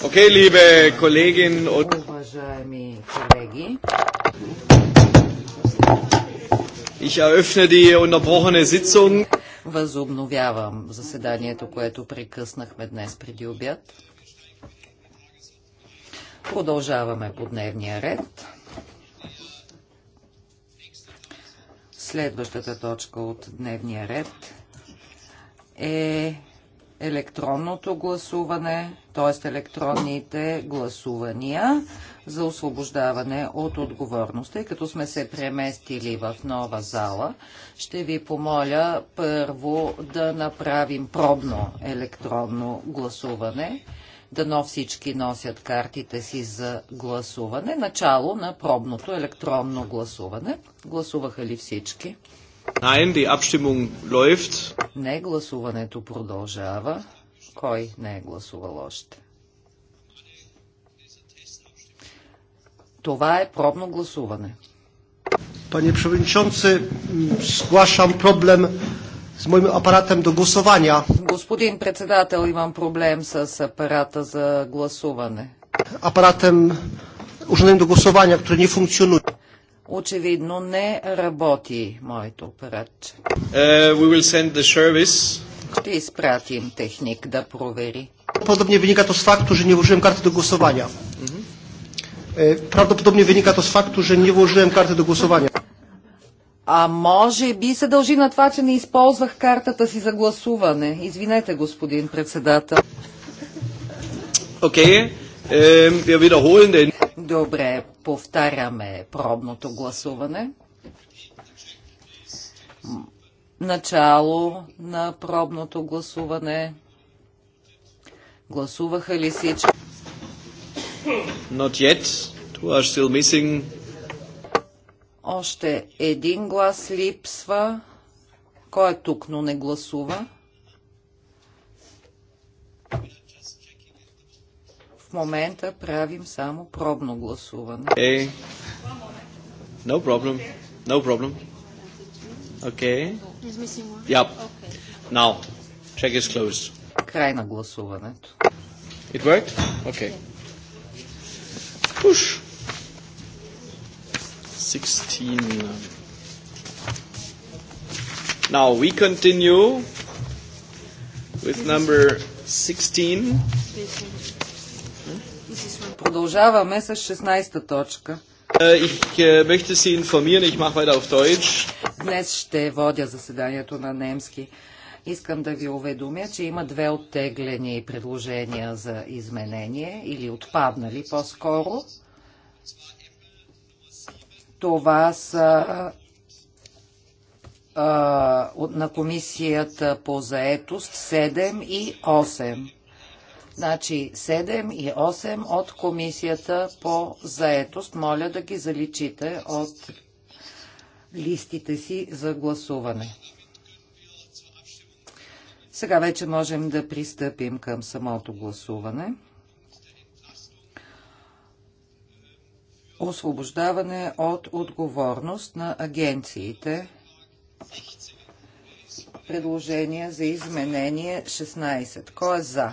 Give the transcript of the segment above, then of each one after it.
Okay, liebe Kolleginnen und Уважаеми колеги, ich eröffne die unterbrochene Sitzung. Възобновявам заседанието, което прекъснахме днес преди обяд. Продължаваме по дневния ред. Следващата точка от дневния ред е електронното гласуване, т.е. електронните гласувания за освобождаване от отговорност. Тъй като сме се преместили в нова зала, ще ви помоля първо да направим пробно електронно гласуване. Дано всички носят картите си за гласуване. Начало на пробното електронно гласуване. Гласуваха ли всички? Nein, die Abstimmung läuft. Не гласуването продължава. Кой не е гласувал още? Това е пробно гласуване. Пане Превенчонце, сглашам проблем с моим апаратом до гласуване. Господин председател, имам проблем с апарата за гласуване. Апаратом, уженен до гласуване, който не функционира. Очевидно не работи моето парадче. Ще изпратим техник да провери. Правдоподобно виника то с факту, че не вложим карта до гласуване. Правдоподобни виника то с факту, че не вложим карта до гласуване. А може би се дължи на това, че не използвах картата си за гласуване. Извинете, господин председател. Окей. Okay. Ehm, Добре, повтаряме пробното гласуване. Начало на пробното гласуване. Гласуваха ли всички? Not yet. Two are still missing. Още един глас липсва. Кой е тук, но не гласува? момента правим само пробно гласуване. Okay. No problem. No problem. Okay. Yep. Now. Check is closed. Край на гласуването. It worked? Okay. Push. 16. Now we continue with number 16. Продължаваме с 16-та точка. Е, е, Днес ще водя заседанието на немски. Искам да ви уведомя, че има две оттеглени предложения за изменение или отпаднали по-скоро. Това са а, е, на комисията по заетост 7 и 8. Значи 7 и 8 от комисията по заетост. Моля да ги заличите от листите си за гласуване. Сега вече можем да пристъпим към самото гласуване. Освобождаване от отговорност на агенциите. Предложение за изменение 16. Кой е за?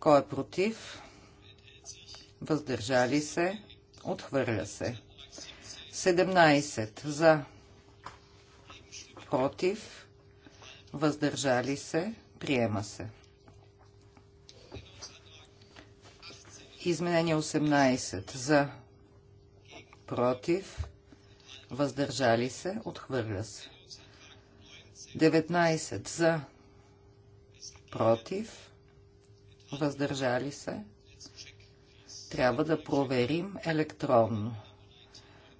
Кой е против? Въздържали се? Отхвърля се. 17 за. Против? Въздържали се? Приема се. Изменение 18 за. Против? Въздържали се? Отхвърля се. 19 за. Против? въздържали се, трябва да проверим електронно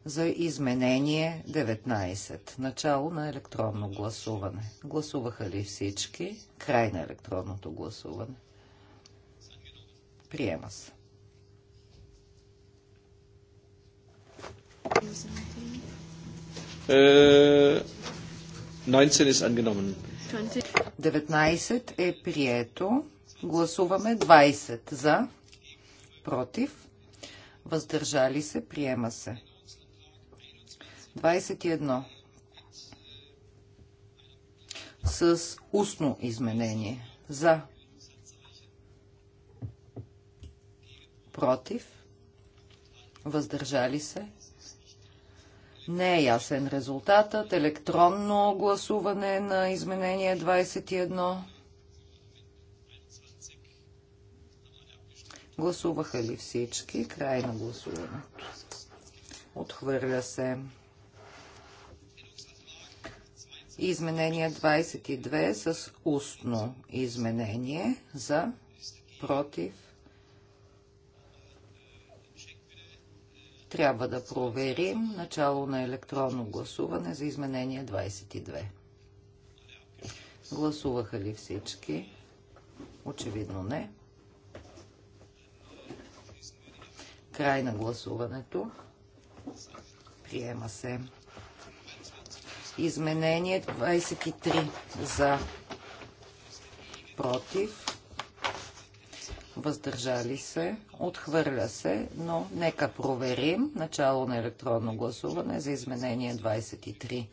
за изменение 19. Начало на електронно гласуване. Гласуваха ли всички? Край на електронното гласуване. Приема се. Uh, е, 19 е прието. Гласуваме 20 за, против, въздържали се, приема се. 21 с устно изменение за, против, въздържали се. Не е ясен резултатът. Електронно гласуване на изменение 21. Гласуваха ли всички? Край на гласуването. Отхвърля се. Изменение 22 с устно изменение за против. Трябва да проверим начало на електронно гласуване за изменение 22. Гласуваха ли всички? Очевидно не. Край на гласуването. Приема се. Изменение 23 за против. Въздържали се. Отхвърля се, но нека проверим. Начало на електронно гласуване за изменение 23.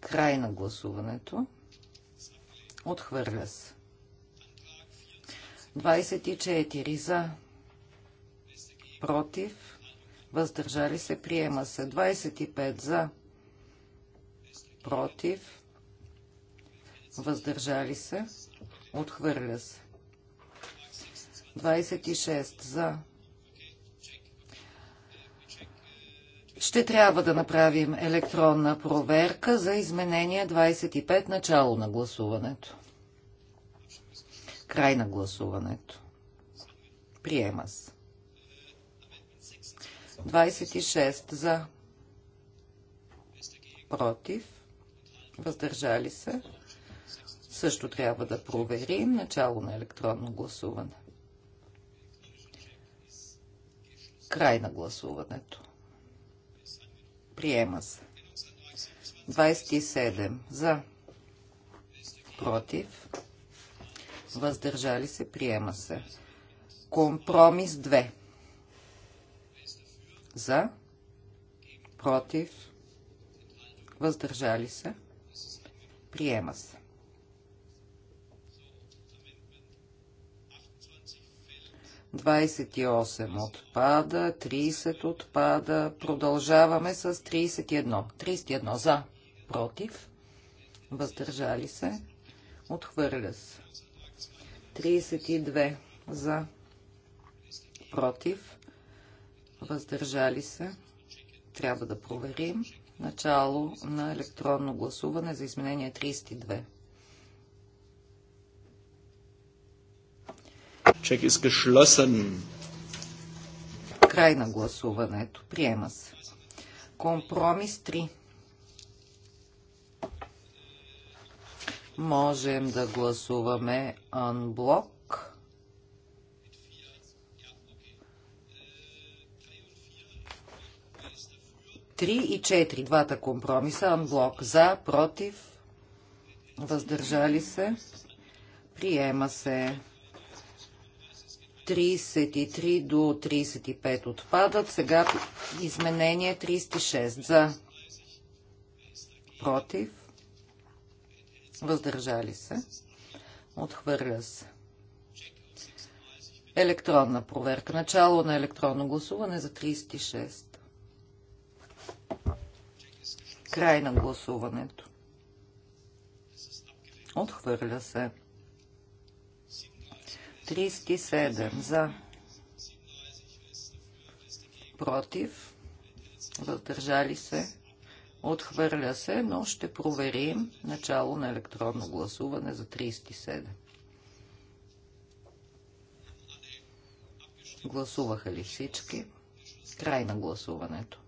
Край на гласуването. Отхвърля се. 24 за против, въздържали се, приема се. 25 за, против, въздържали се, отхвърля се. 26 за. Ще трябва да направим електронна проверка за изменение 25 начало на гласуването. Край на гласуването. Приема се. 26 за, против, въздържали се. Също трябва да проверим начало на електронно гласуване. Край на гласуването. Приема се. 27 за, против, въздържали се, приема се. Компромис 2 за. Против. Въздържали се. Приема се. Двадесет и осем отпада, тридесет отпада. Продължаваме с тридесет и едно. Тридесет и едно за, против, въздържали се, отхвърля се. и две за, против, въздържали се въздържали се, трябва да проверим. Начало на електронно гласуване за изменение 32. Чек е geschlossen. Край на гласуването. Приема се. Компромис 3. Можем да гласуваме анблок 3 и 4, двата компромиса, анблок за, против, въздържали се, приема се. 33 до 35 отпадат. Сега изменение 36 за против, въздържали се, отхвърля се. Електронна проверка. Начало на електронно гласуване за 36. Край на гласуването. Отхвърля се. 37 за. Против. Въздържали се. Отхвърля се, но ще проверим начало на електронно гласуване за 37. Гласуваха ли всички? Край на гласуването.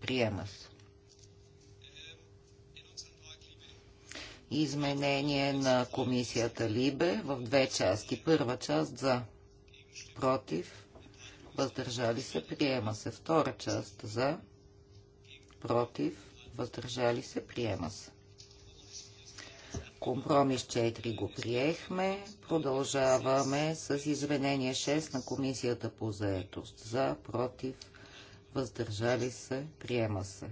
Приема се. Изменение на комисията Либе в две части. Първа част за против, въздържали се, приема се. Втора част за против, въздържали се, приема се. Компромис 4 го приехме. Продължаваме с изменение 6 на Комисията по заетост. За, против, въздържали се, приема се.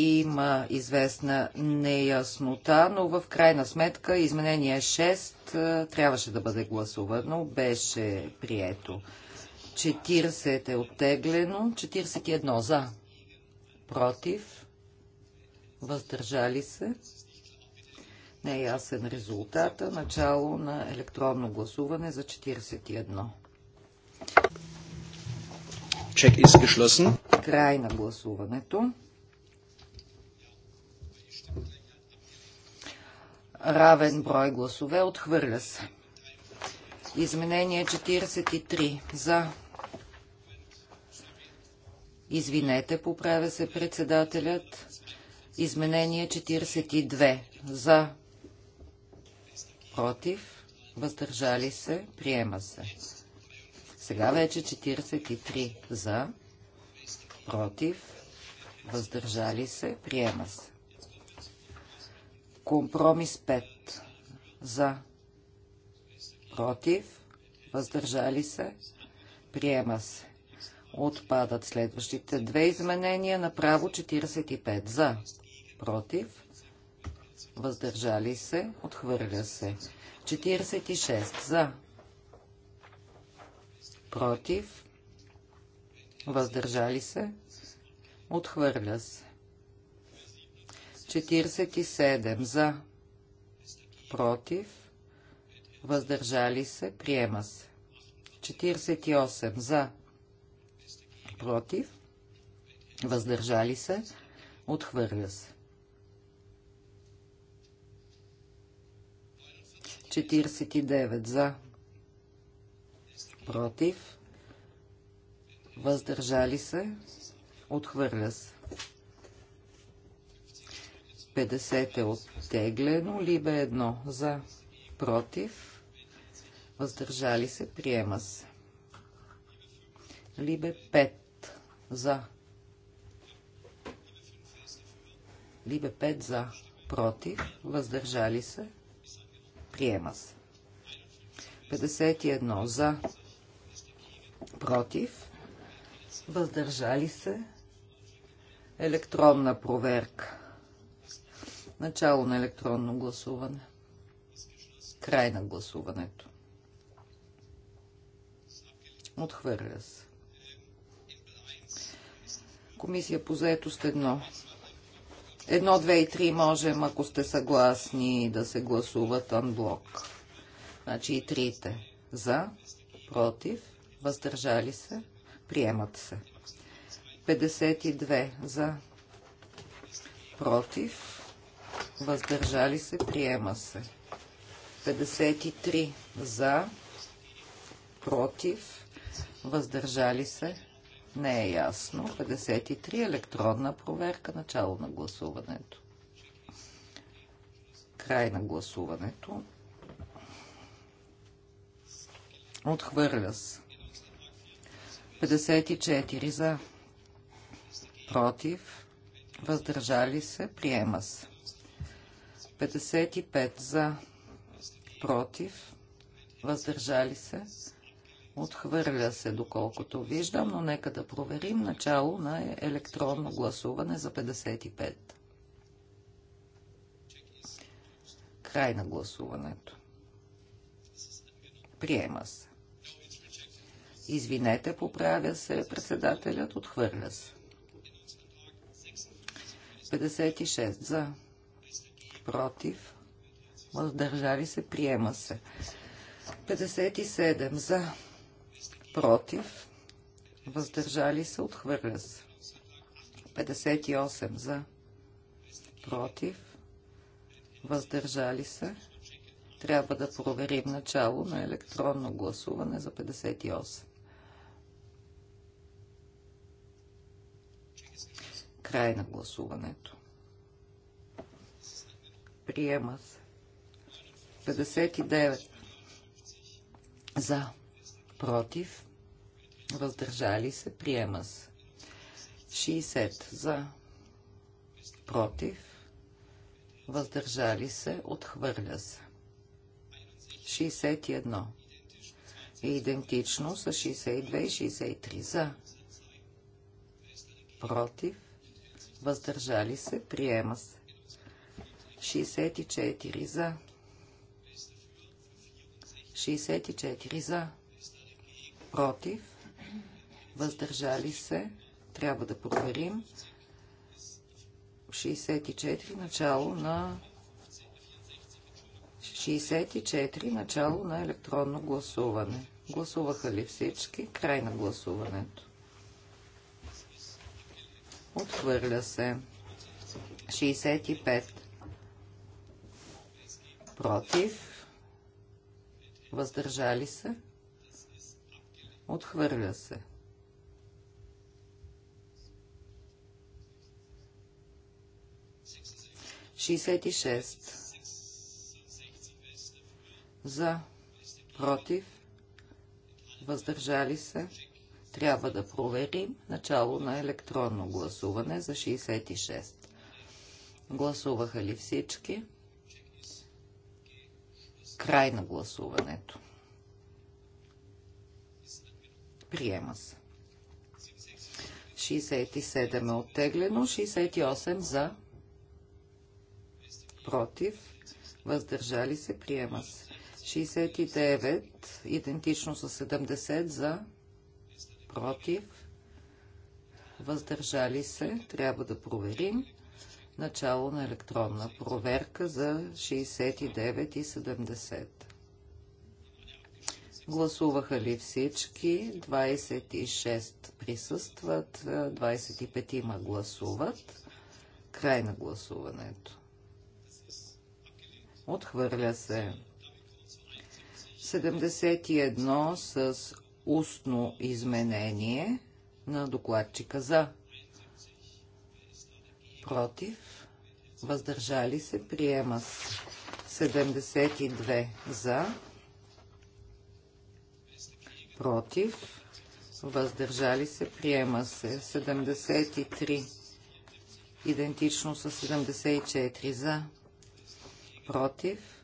Има известна неяснота, но в крайна сметка изменение 6 е, трябваше да бъде гласувано, беше прието. 40 е оттеглено, 41 за против, въздържали се. Не е ясен резултата. Начало на електронно гласуване за 41. Чек is Край на гласуването. Равен брой гласове. Отхвърля се. Изменение 43. За Извинете, поправя се председателят. Изменение 42. За. Против. Въздържали се. Приема се. Сега вече 43. За. Против. Въздържали се. Приема се. Компромис 5. За. Против. Въздържали се. Приема се. Отпадат следващите две изменения. Направо 45 за. Против. Въздържали се. Отхвърля се. 46 за. Против. Въздържали се. Отхвърля се. 47 за. Против. Въздържали се. Приема се. 48 за против, въздържали се, отхвърля се. 49 за, против, въздържали се, отхвърля се. 50 е оттеглено, либе едно за, против, въздържали се, приема се. Либе 5 за. Либе 5 за. Против. Въздържали се. Приема се. 51 за. Против. Въздържали се. Електронна проверка. Начало на електронно гласуване. Край на гласуването. Отхвърля се. Комисия по заетост едно. Едно, две и три можем, ако сте съгласни, да се гласуват анблок. Значи и трите. За, против, въздържали се, приемат се. 52 за, против, въздържали се, приема се. 53 за, против, въздържали се, не е ясно. 53. Електронна проверка. Начало на гласуването. Край на гласуването. Отхвърля се. 54 за. Против. Въздържали се. Приема се. 55 за. Против. Въздържали се. Отхвърля се, доколкото виждам, но нека да проверим начало на електронно гласуване за 55. Край на гласуването. Приема се. Извинете, поправя се председателят, отхвърля се. 56 за. Против. Въздържали се, приема се. 57 за против, въздържали се, отхвърля се. 58 за, против, въздържали се. Трябва да проверим начало на електронно гласуване за 58. Край на гласуването. Приема се. 59 за против, въздържали се, приема се. 60 за, против, въздържали се, отхвърля се. 61 е идентично с 62 и 63 за, против, въздържали се, приема се. 64 за, 64 за, против, въздържали се, трябва да проверим. 64 начало на 64 начало на електронно гласуване. Гласуваха ли всички? Край на гласуването. Отхвърля се. 65 против, въздържали се. Отхвърля се. Шестьдесят и шест. За. Против. Въздържали се. Трябва да проверим начало на електронно гласуване за 66. Гласуваха ли всички? Край на гласуването. Приема се. 67 е оттеглено. 68 за. Против. Въздържали се. Приема се. 69, идентично с 70 за, против, въздържали се, трябва да проверим. Начало на електронна проверка за 69 и 70. Гласуваха ли всички? 26 присъстват, 25 има гласуват. Край на гласуването. Отхвърля се. 71 с устно изменение на докладчика за. Против. Въздържали се. Приема 72 за против, въздържали се, приема се 73, идентично с 74 за, против,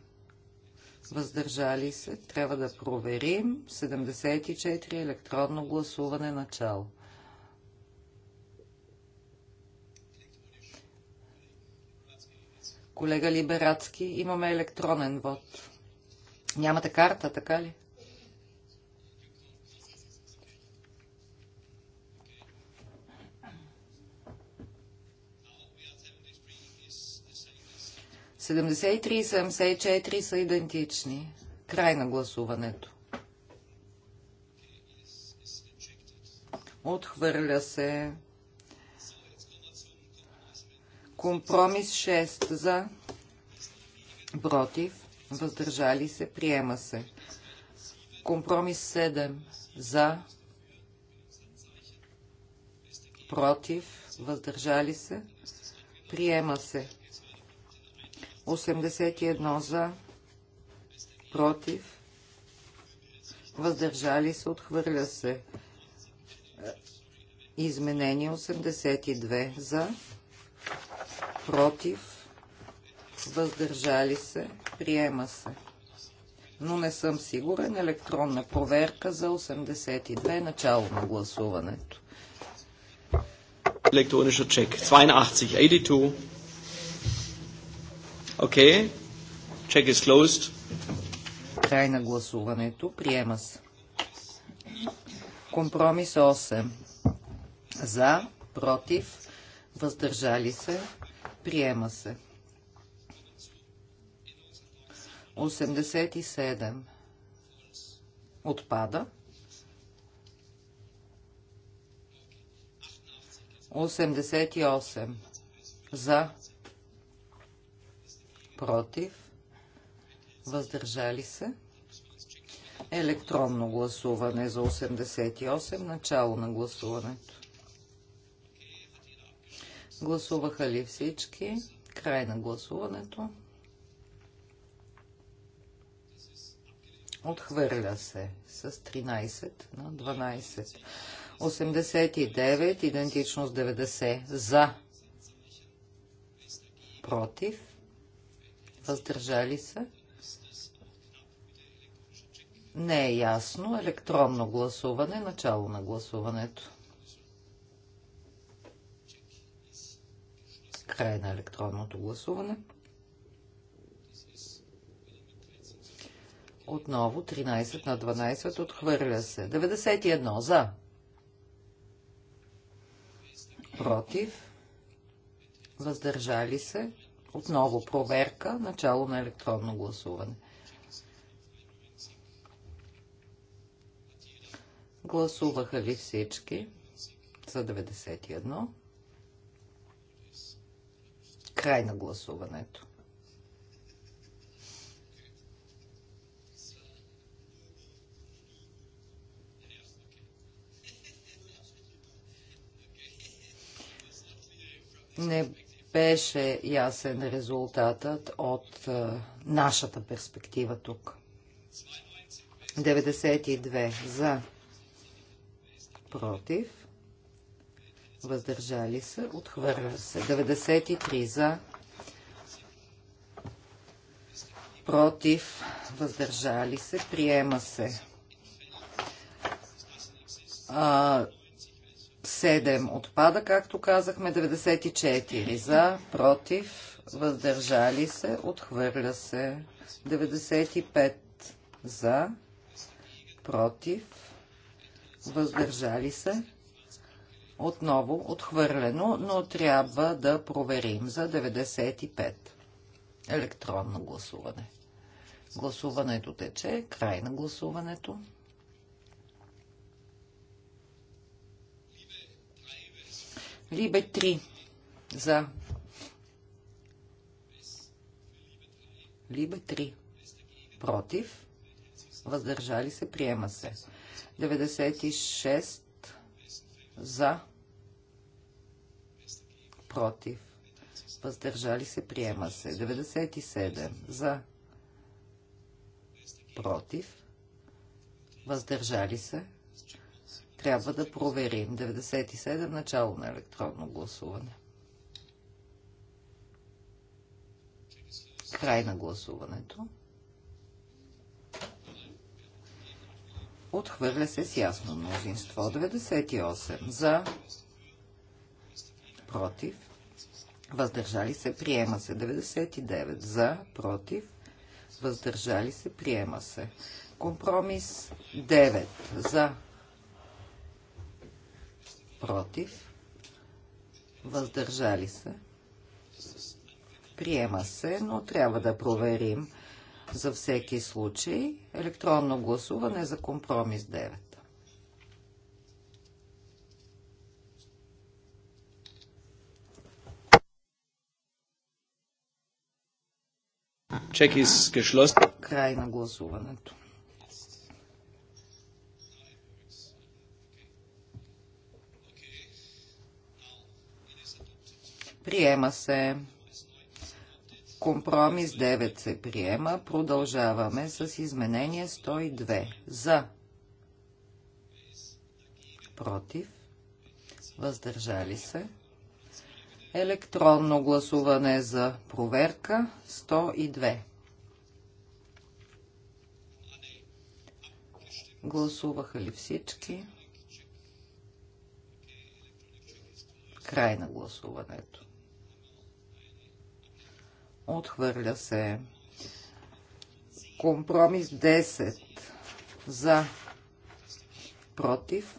въздържали се, трябва да проверим 74 електронно гласуване начало. Колега Либерацки, имаме електронен вод. Нямате карта, така ли? 73 и 74 са идентични. Край на гласуването. Отхвърля се. Компромис 6 за. Против. Въздържали се. Приема се. Компромис 7 за. Против. Въздържали се. Приема се. 81 за, против, въздържали се, отхвърля се. Изменение 82 за, против, въздържали се, приема се. Но не съм сигурен. Електронна проверка за 82, начало на гласуването. Електронischer чек 82, 82. Okay. Check is closed. Край на гласуването. Приема се. Компромис 8. За, против, въздържали се. Приема се. 87. Отпада. 88. За, против, въздържали се. Електронно гласуване за 88, начало на гласуването. Гласуваха ли всички? Край на гласуването. Отхвърля се с 13 на 12. 89, идентично с 90. За. Против въздържали се. Не е ясно. Електронно гласуване. Начало на гласуването. Край на електронното гласуване. Отново 13 на 12 отхвърля се. 91 за. Против. Въздържали се. Отново проверка, начало на електронно гласуване. Гласуваха ли всички за 91? Край на гласуването. Не беше ясен резултатът от е, нашата перспектива тук. 92 за, против, въздържали се, отхвърля се. 93 за, против, въздържали се, приема се. А, 7 отпада, както казахме, 94 за, против, въздържали се, отхвърля се, 95 за, против, въздържали се, отново отхвърлено, но трябва да проверим за 95 електронно гласуване. Гласуването тече, край на гласуването. Либе 3 за. Либе 3 против. Въздържали се, приема се. 96 за. Против. Въздържали се, приема се. 97 за. Против. Въздържали се, трябва да проверим. 97 начало на електронно гласуване. Край на гласуването. Отхвърля се с ясно мнозинство. 98 за, против, въздържали се, приема се. 99 за, против, въздържали се, приема се. Компромис 9 за, против, въздържали се. Приема се, но трябва да проверим за всеки случай електронно гласуване за компромис 9. Чек is Край на гласуването. Приема се. Компромис 9 се приема. Продължаваме с изменение 102. За. Против. Въздържали се. Електронно гласуване за проверка 102. Гласуваха ли всички? Край на гласуването. Отхвърля се. Компромис 10 за против.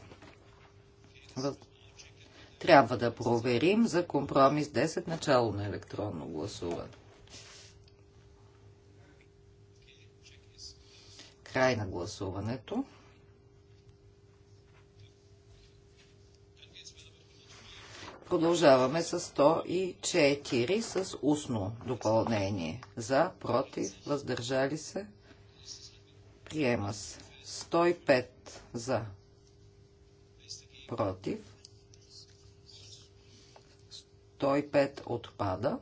Трябва да проверим за компромис 10 начало на електронно гласуване. Край на гласуването. Продължаваме с 104 с устно допълнение. За, против, въздържали се. Приема се. 105 за. Против. 105 отпада.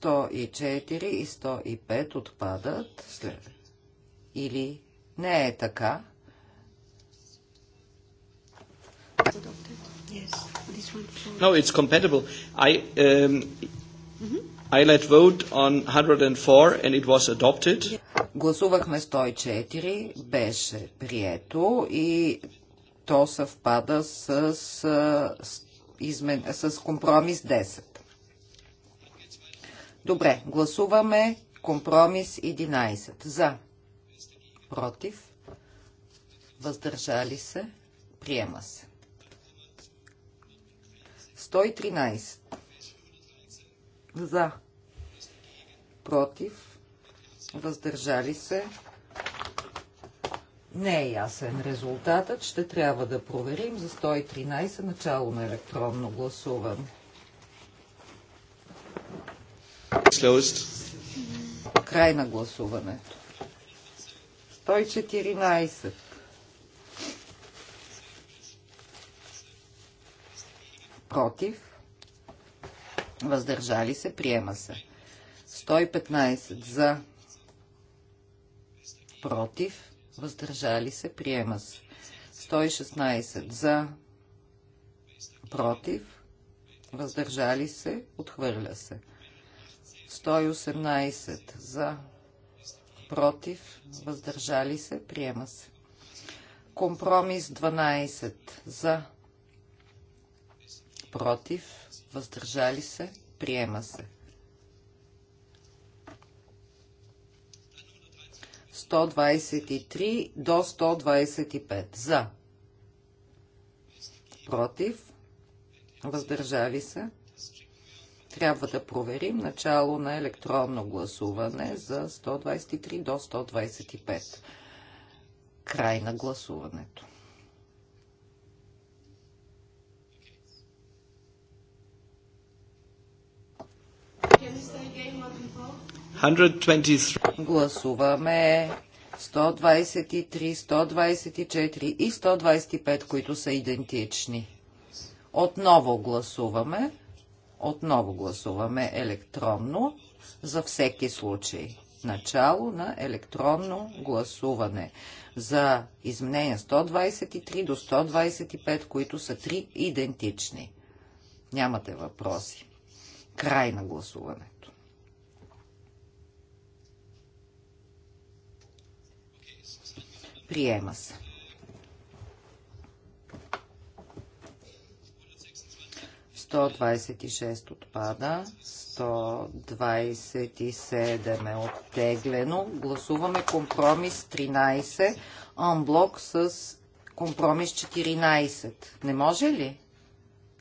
104 и 105 отпадат след... или не е така. No, it's compatible. I, um, mm -hmm. I let vote on 104 and it was adopted. Гласувахме 104, беше прието и то съвпада с, с, измен... с компромис 10. Добре, гласуваме компромис 11. За. Против. Въздържали се. Приема се. 113. За. Против. Въздържали се. Не е ясен резултатът. Ще трябва да проверим за 113 начало на електронно гласуване. Край на гласуването. 114. Против. Въздържали се. Приема се. 115. За. Против. Въздържали се. Приема се. 116. За. Против. Въздържали се. Отхвърля се. 118 за, против, въздържали се, приема се. Компромис 12 за, против, въздържали се, приема се. 123 до 125 за, против, въздържали се, трябва да проверим начало на електронно гласуване за 123 до 125. Край на гласуването. Гласуваме 123, 124 и 125, които са идентични. Отново гласуваме. Отново гласуваме електронно за всеки случай. Начало на електронно гласуване за изменения 123 до 125, които са три идентични. Нямате въпроси. Край на гласуването. Приема се. 126 отпада, 127 е оттеглено. Гласуваме компромис 13, анблок с компромис 14. Не може ли?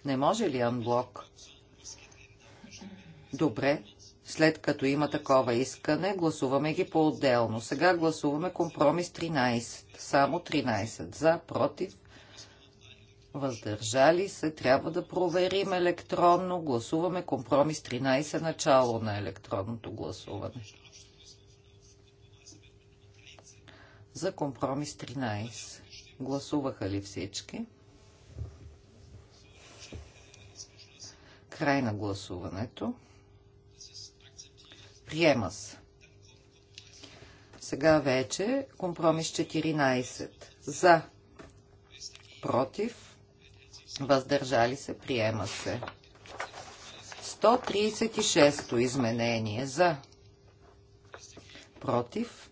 Не може ли анблок? Добре. След като има такова искане, гласуваме ги по-отделно. Сега гласуваме компромис 13. Само 13. За, против, въздържали се, трябва да проверим електронно. Гласуваме компромис 13, начало на електронното гласуване. За компромис 13. Гласуваха ли всички? Край на гласуването. Приема се. Сега вече компромис 14. За. Против въздържали се, приема се. 136-то изменение за против,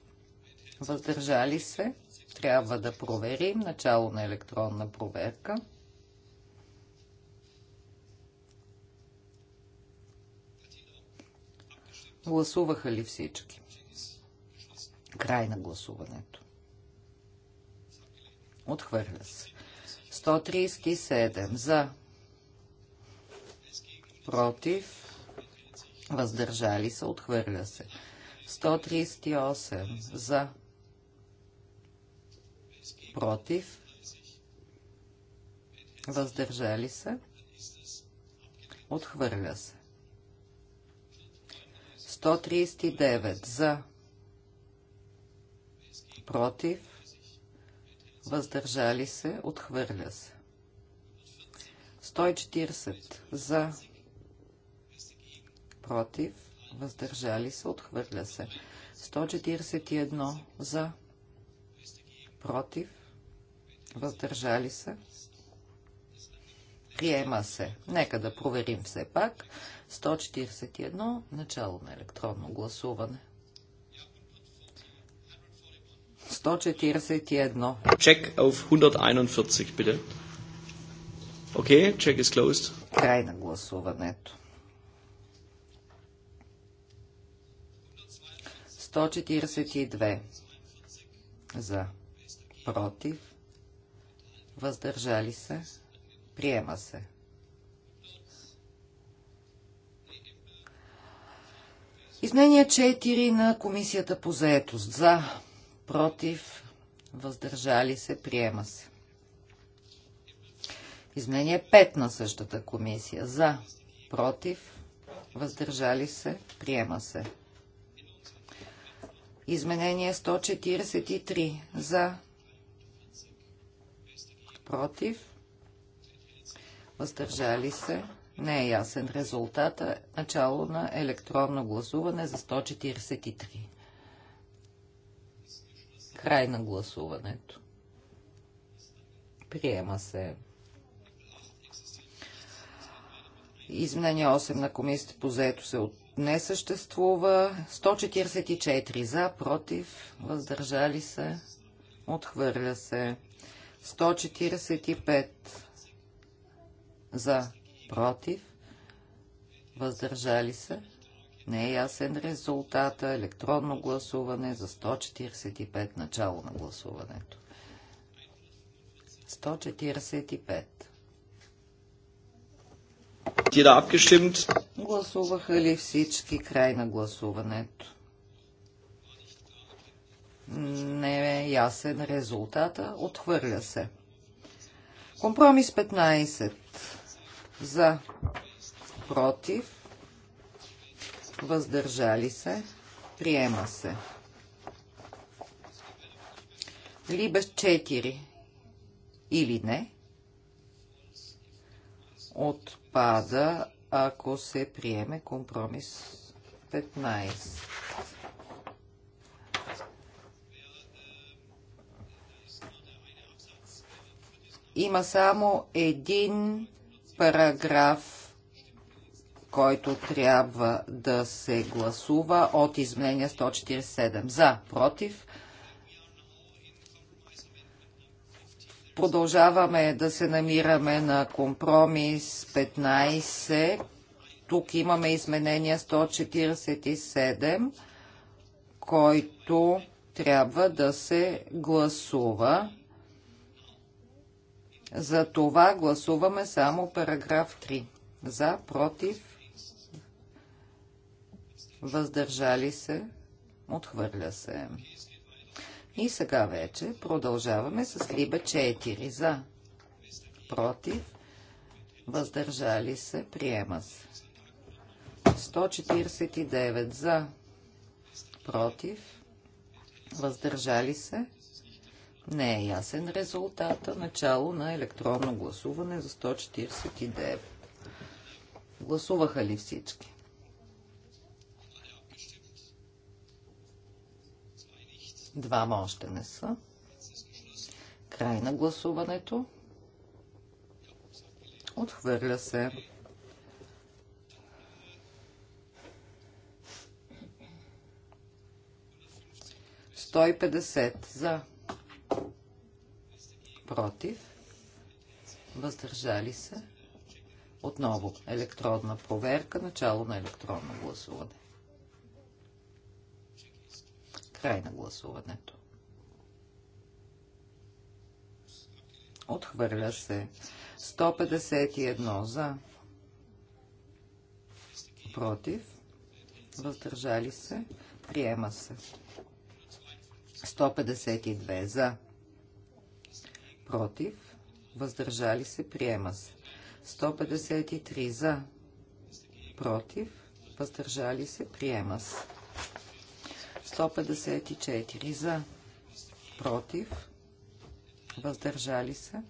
въздържали се, трябва да проверим начало на електронна проверка. Гласуваха ли всички? Край на гласуването. Отхвърля се. 137 за, против, въздържали се, отхвърля се. 138 за, против, въздържали се, отхвърля се. 139 за, против, въздържали се, отхвърля се. 140 за, против, въздържали се, отхвърля се. 141 за, против, въздържали се, приема се. Нека да проверим все пак. 141 начало на електронно гласуване. 141. Check auf 141, bitte. Окей, okay, check is closed. Край на гласуването. 142 за, против, въздържали се, приема се. Изменение 4 на Комисията по заетост. За, против, въздържали се, приема се. Изменение 5 на същата комисия. За, против, въздържали се, приема се. Изменение 143. За, против, въздържали се, не е ясен резултата, начало на електронно гласуване за 143. Край на гласуването. Приема се. Изменение 8 на комисията по заето се от не съществува. 144 за, против, въздържали се, отхвърля се. 145 за, против, въздържали се, не е ясен резултата. Електронно гласуване за 145. Начало на гласуването. 145. Гласуваха ли всички край на гласуването? Не е ясен резултата. Отхвърля се. Компромис 15. За. Против въздържали се, приема се. Либес 4 или не, отпада, ако се приеме компромис 15. Има само един параграф който трябва да се гласува от изменение 147. За, против. Продължаваме да се намираме на компромис 15. Тук имаме изменение 147, който трябва да се гласува. За това гласуваме само параграф 3. За, против, въздържали се, отхвърля се. И сега вече продължаваме с либа 4 за, против, въздържали се, приема се. 149 за, против, въздържали се. Не е ясен резултата. Начало на електронно гласуване за 149. Гласуваха ли всички? Двама още не са. Край на гласуването. Отхвърля се. Сто и петдесет за. Против. Въздържали се. Отново електронна проверка, начало на електронно гласуване. Край на гласуването. Отхвърля се. 151 за. Против. Въздържали се. Приема се. 152 за. Против. Въздържали се. Приема се. 153 за. Против. Въздържали се. Приема се. 154 за, против, въздържали се.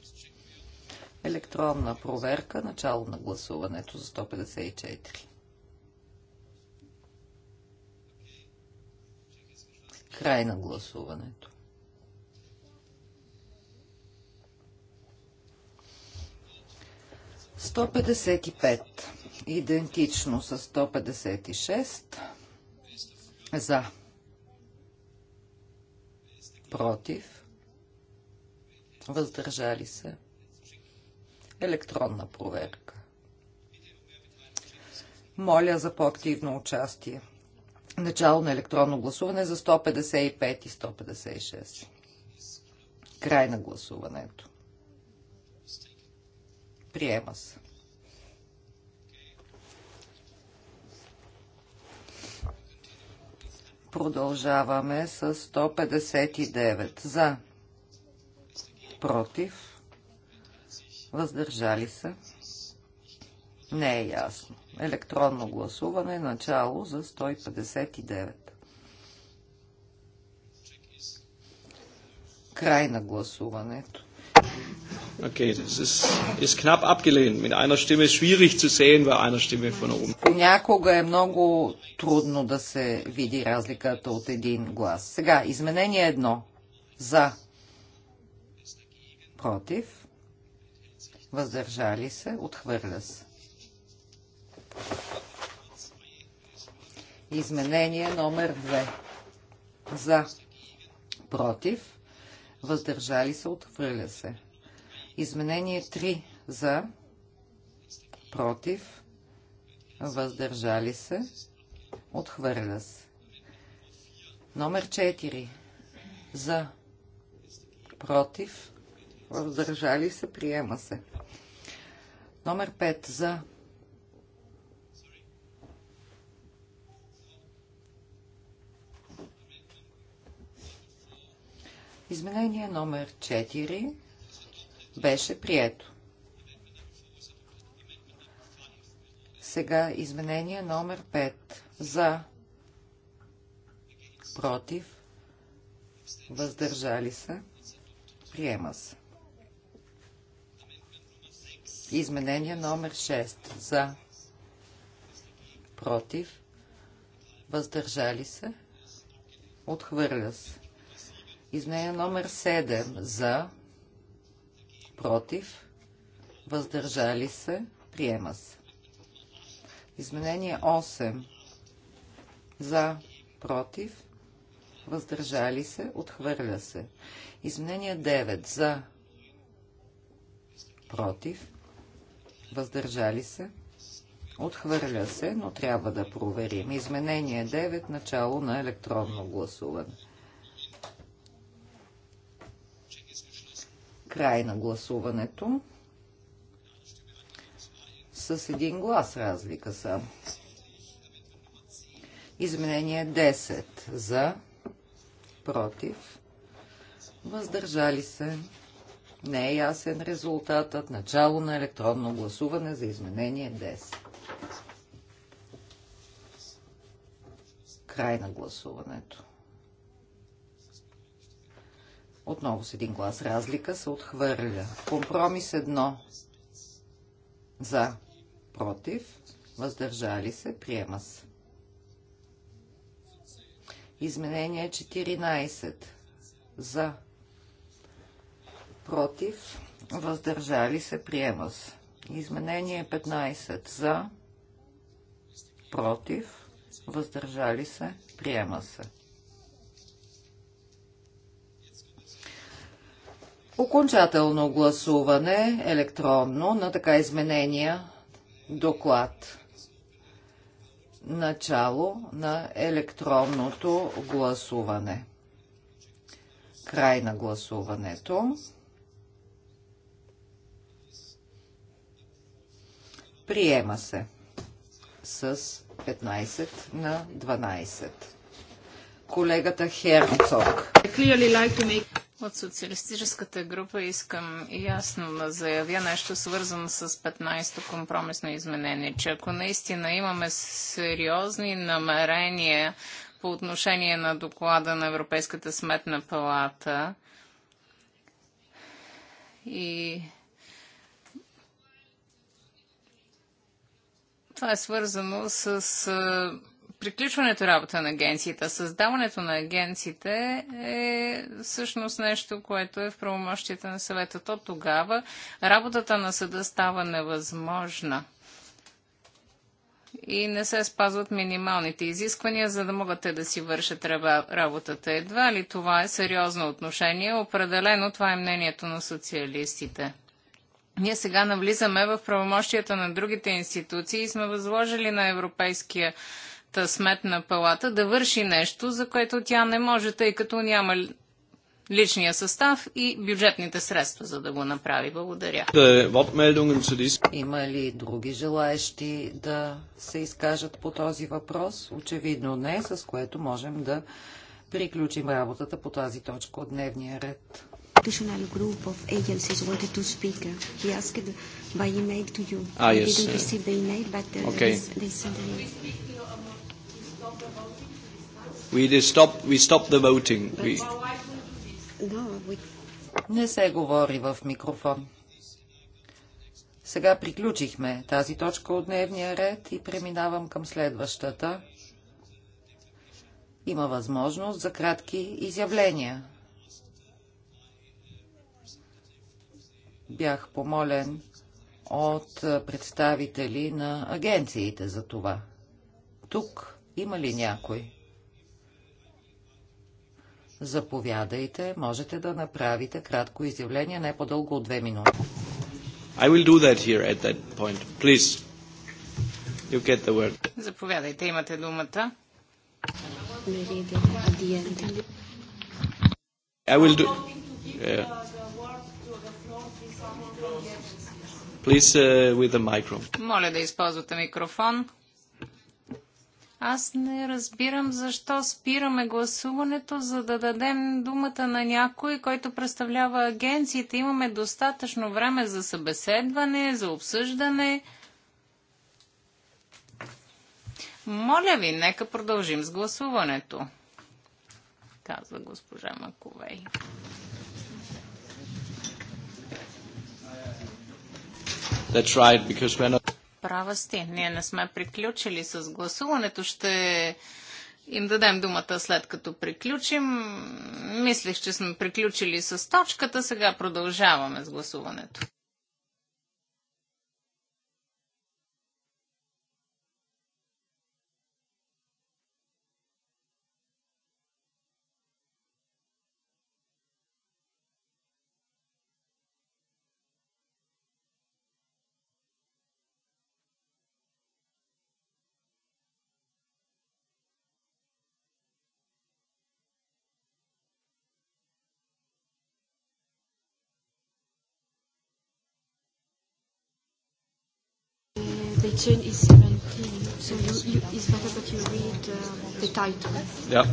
Електронна проверка, начало на гласуването за 154. Край на гласуването. Сто и пет. Идентично с сто петдесет и шест. За против, въздържали се. Електронна проверка. Моля за по-активно участие. Начало на електронно гласуване за 155 и 156. Край на гласуването. Приема се. Продължаваме с 159 за, против, въздържали се. Не е ясно. Електронно гласуване, начало за 159. Край на гласуването. Okay, das ist, ist knapp abgelehnt. Mit einer Stimme schwierig zu sehen bei einer Stimme von oben. Понякога е много трудно да се види разликата от един глас. Сега, изменение едно. За. Против. Въздържали се. Отхвърля се. Изменение номер две. За. Против. Въздържали се. Отхвърля се. Изменение 3 за, против, въздържали се, отхвърля се. Номер 4 за, против, въздържали се, приема се. Номер 5 за, Изменение номер 4 беше прието. Сега изменение номер 5. За. Против. Въздържали се. Приема се. Изменение номер 6. За. Против. Въздържали се. Отхвърля се. Изменение номер 7. За против, въздържали се, приема се. Изменение 8 за, против, въздържали се, отхвърля се. Изменение 9 за, против, въздържали се, отхвърля се, но трябва да проверим. Изменение 9 начало на електронно гласуване. Край на гласуването. С един глас разлика са. Изменение 10 за, против, въздържали се. Не е ясен резултатът. Начало на електронно гласуване за изменение 10. Край на гласуването. Отново с един глас разлика се отхвърля. Компромис едно. За. Против. Въздържали се. Приема се. Изменение 14. За. Против. Въздържали се. Приема се. Изменение 15. За. Против. Въздържали се. Приема се. Окончателно гласуване електронно на така изменения доклад. Начало на електронното гласуване. Край на гласуването. Приема се с 15 на 12. Колегата Херцог. От социалистическата група искам ясно да заявя нещо свързано с 15-то компромисно изменение, че ако наистина имаме сериозни намерения по отношение на доклада на Европейската сметна палата и това е свързано с приключването работа на агенцията, създаването на агенциите е всъщност нещо, което е в правомощията на съвета. То тогава работата на съда става невъзможна и не се спазват минималните изисквания, за да могат те да си вършат работата. Едва ли това е сериозно отношение? Определено това е мнението на социалистите. Ние сега навлизаме в правомощията на другите институции и сме възложили на Европейския сметна палата да върши нещо, за което тя не може, тъй като няма личния състав и бюджетните средства, за да го направи. Благодаря. Има ли други желаещи да се изкажат по този въпрос? Очевидно не, с което можем да приключим работата по тази точка от дневния ред. Ah, yes. didn't uh, receive the email, but uh, okay. they, they said they... We, stop, we stop the voting. We... No, we... Не се говори в микрофон. Сега приключихме тази точка от дневния ред и преминавам към следващата. Има възможност за кратки изявления. Бях помолен от представители на агенциите за това. Тук има ли някой? Заповядайте, можете да направите кратко изявление, не по-дълго от две минути. I will do that here at that point. Please, you get the word. Заповядайте, имате думата. I will do... Yeah. Please, uh, with the microphone. Моля да използвате микрофон. Аз не разбирам защо спираме гласуването, за да дадем думата на някой, който представлява агенциите. Имаме достатъчно време за събеседване, за обсъждане. Моля ви, нека продължим с гласуването, казва госпожа Маковей. That's right, because we're not... Права сте. Ние не сме приключили с гласуването. Ще им дадем думата след като приключим. Мислех, че сме приключили с точката. Сега продължаваме с гласуването. they change is 17, so you, you, it's better that you read uh, the title. Yeah.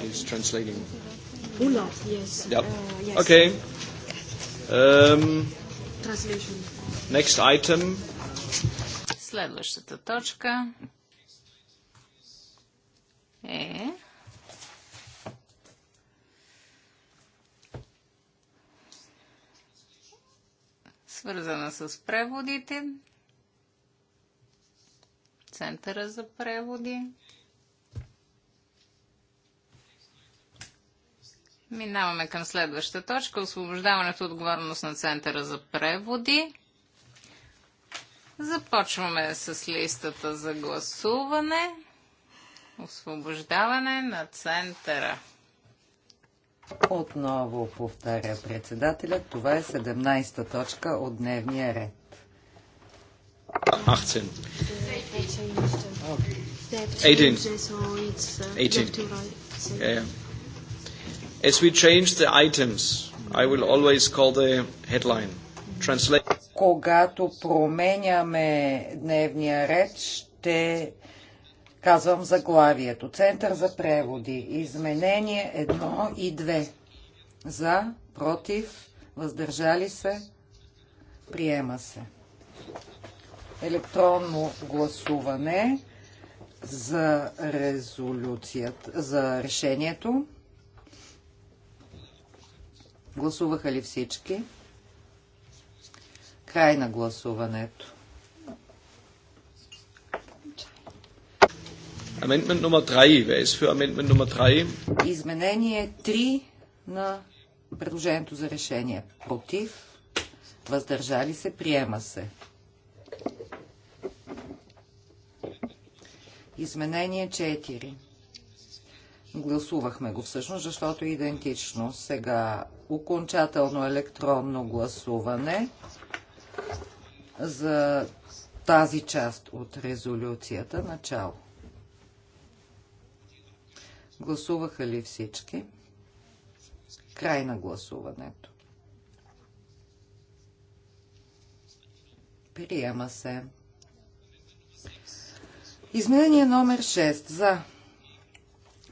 It is translating. Ula, yes. Yep. Uh, yes. Okay. Um, Translation. Next item. Следващата точка е свързана с преводите, Центъра за преводи. Минаваме към следваща точка. Освобождаването от отговорност на Центъра за преводи. Започваме с листата за гласуване. Освобождаване на Центъра. Отново повтаря председателя. Това е 17-та точка от дневния ред. 18. As we change the items, I will always call the headline. Translate. Когато променяме дневния ред, ще казвам заглавието. Център за преводи. Изменение 1 и 2. За, против, въздържали се, приема се. Електронно гласуване за резолюцията, за решението. Гласуваха ли всички? Край на гласуването. Amendment Nummer 3. Wer ist für Amendment Nummer 3? Изменение 3 на предложението за решение. Против. Въздържали се. Приема се. Изменение 4. Гласувахме го всъщност, защото е идентично. Сега окончателно електронно гласуване за тази част от резолюцията. Начало. Гласуваха ли всички? Край на гласуването. Приема се. Изменение номер 6. За.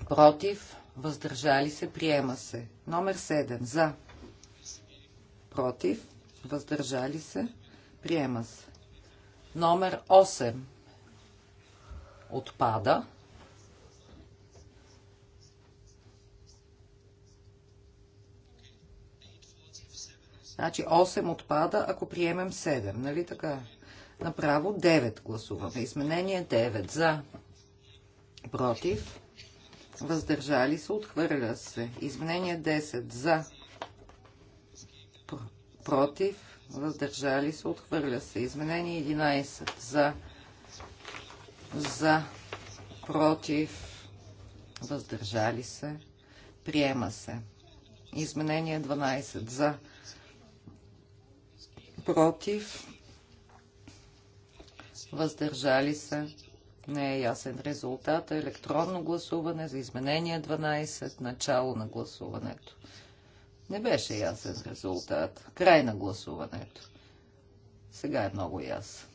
Против. Въздържали се. Приема се. Номер 7. За. Против. Въздържали се. Приема се. Номер 8. Отпада. Значи 8 отпада, ако приемем 7, нали така? Направо 9 гласуваме. Изменение 9 за, против, въздържали се, отхвърля се. Изменение 10 за, против, въздържали се, отхвърля се. Изменение 11 за, за, против, въздържали се, приема се. Изменение 12 за, против, против, въздържали се. Не е ясен резултат. Електронно гласуване за изменение 12, начало на гласуването. Не беше ясен резултат. Край на гласуването. Сега е много ясен.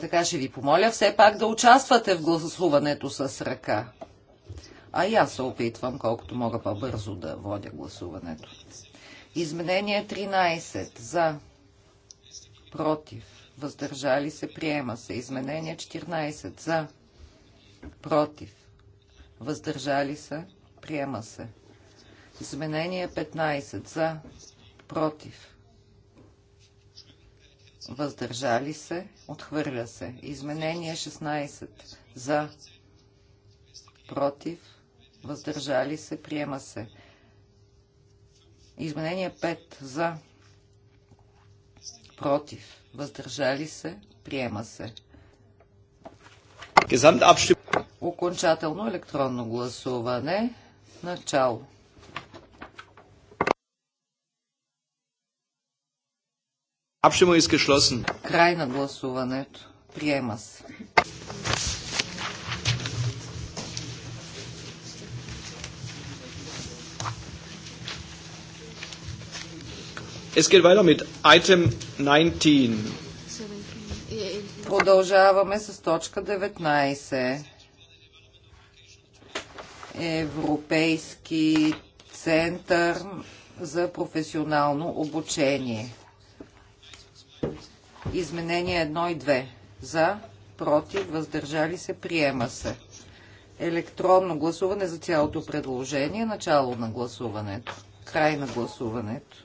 така ще ви помоля все пак да участвате в гласуването с ръка. А и аз се опитвам колкото мога по-бързо да водя гласуването. Изменение 13. За. Против. Въздържали се. Приема се. Изменение 14. За. Против. Въздържали се. Приема се. Изменение 15. За. Против. Въздържали се. Отхвърля се. Изменение 16. За. Против въздържали се, приема се. Изменение 5 за, против, въздържали се, приема се. Окончателно електронно гласуване. Начало. Край на гласуването. Приема се. Es geht weiter mit Item 19. Продължаваме с точка 19. Европейски център за професионално обучение. Изменения 1 и 2. За, против, въздържали се, приема се. Електронно гласуване за цялото предложение. Начало на гласуването. Край на гласуването.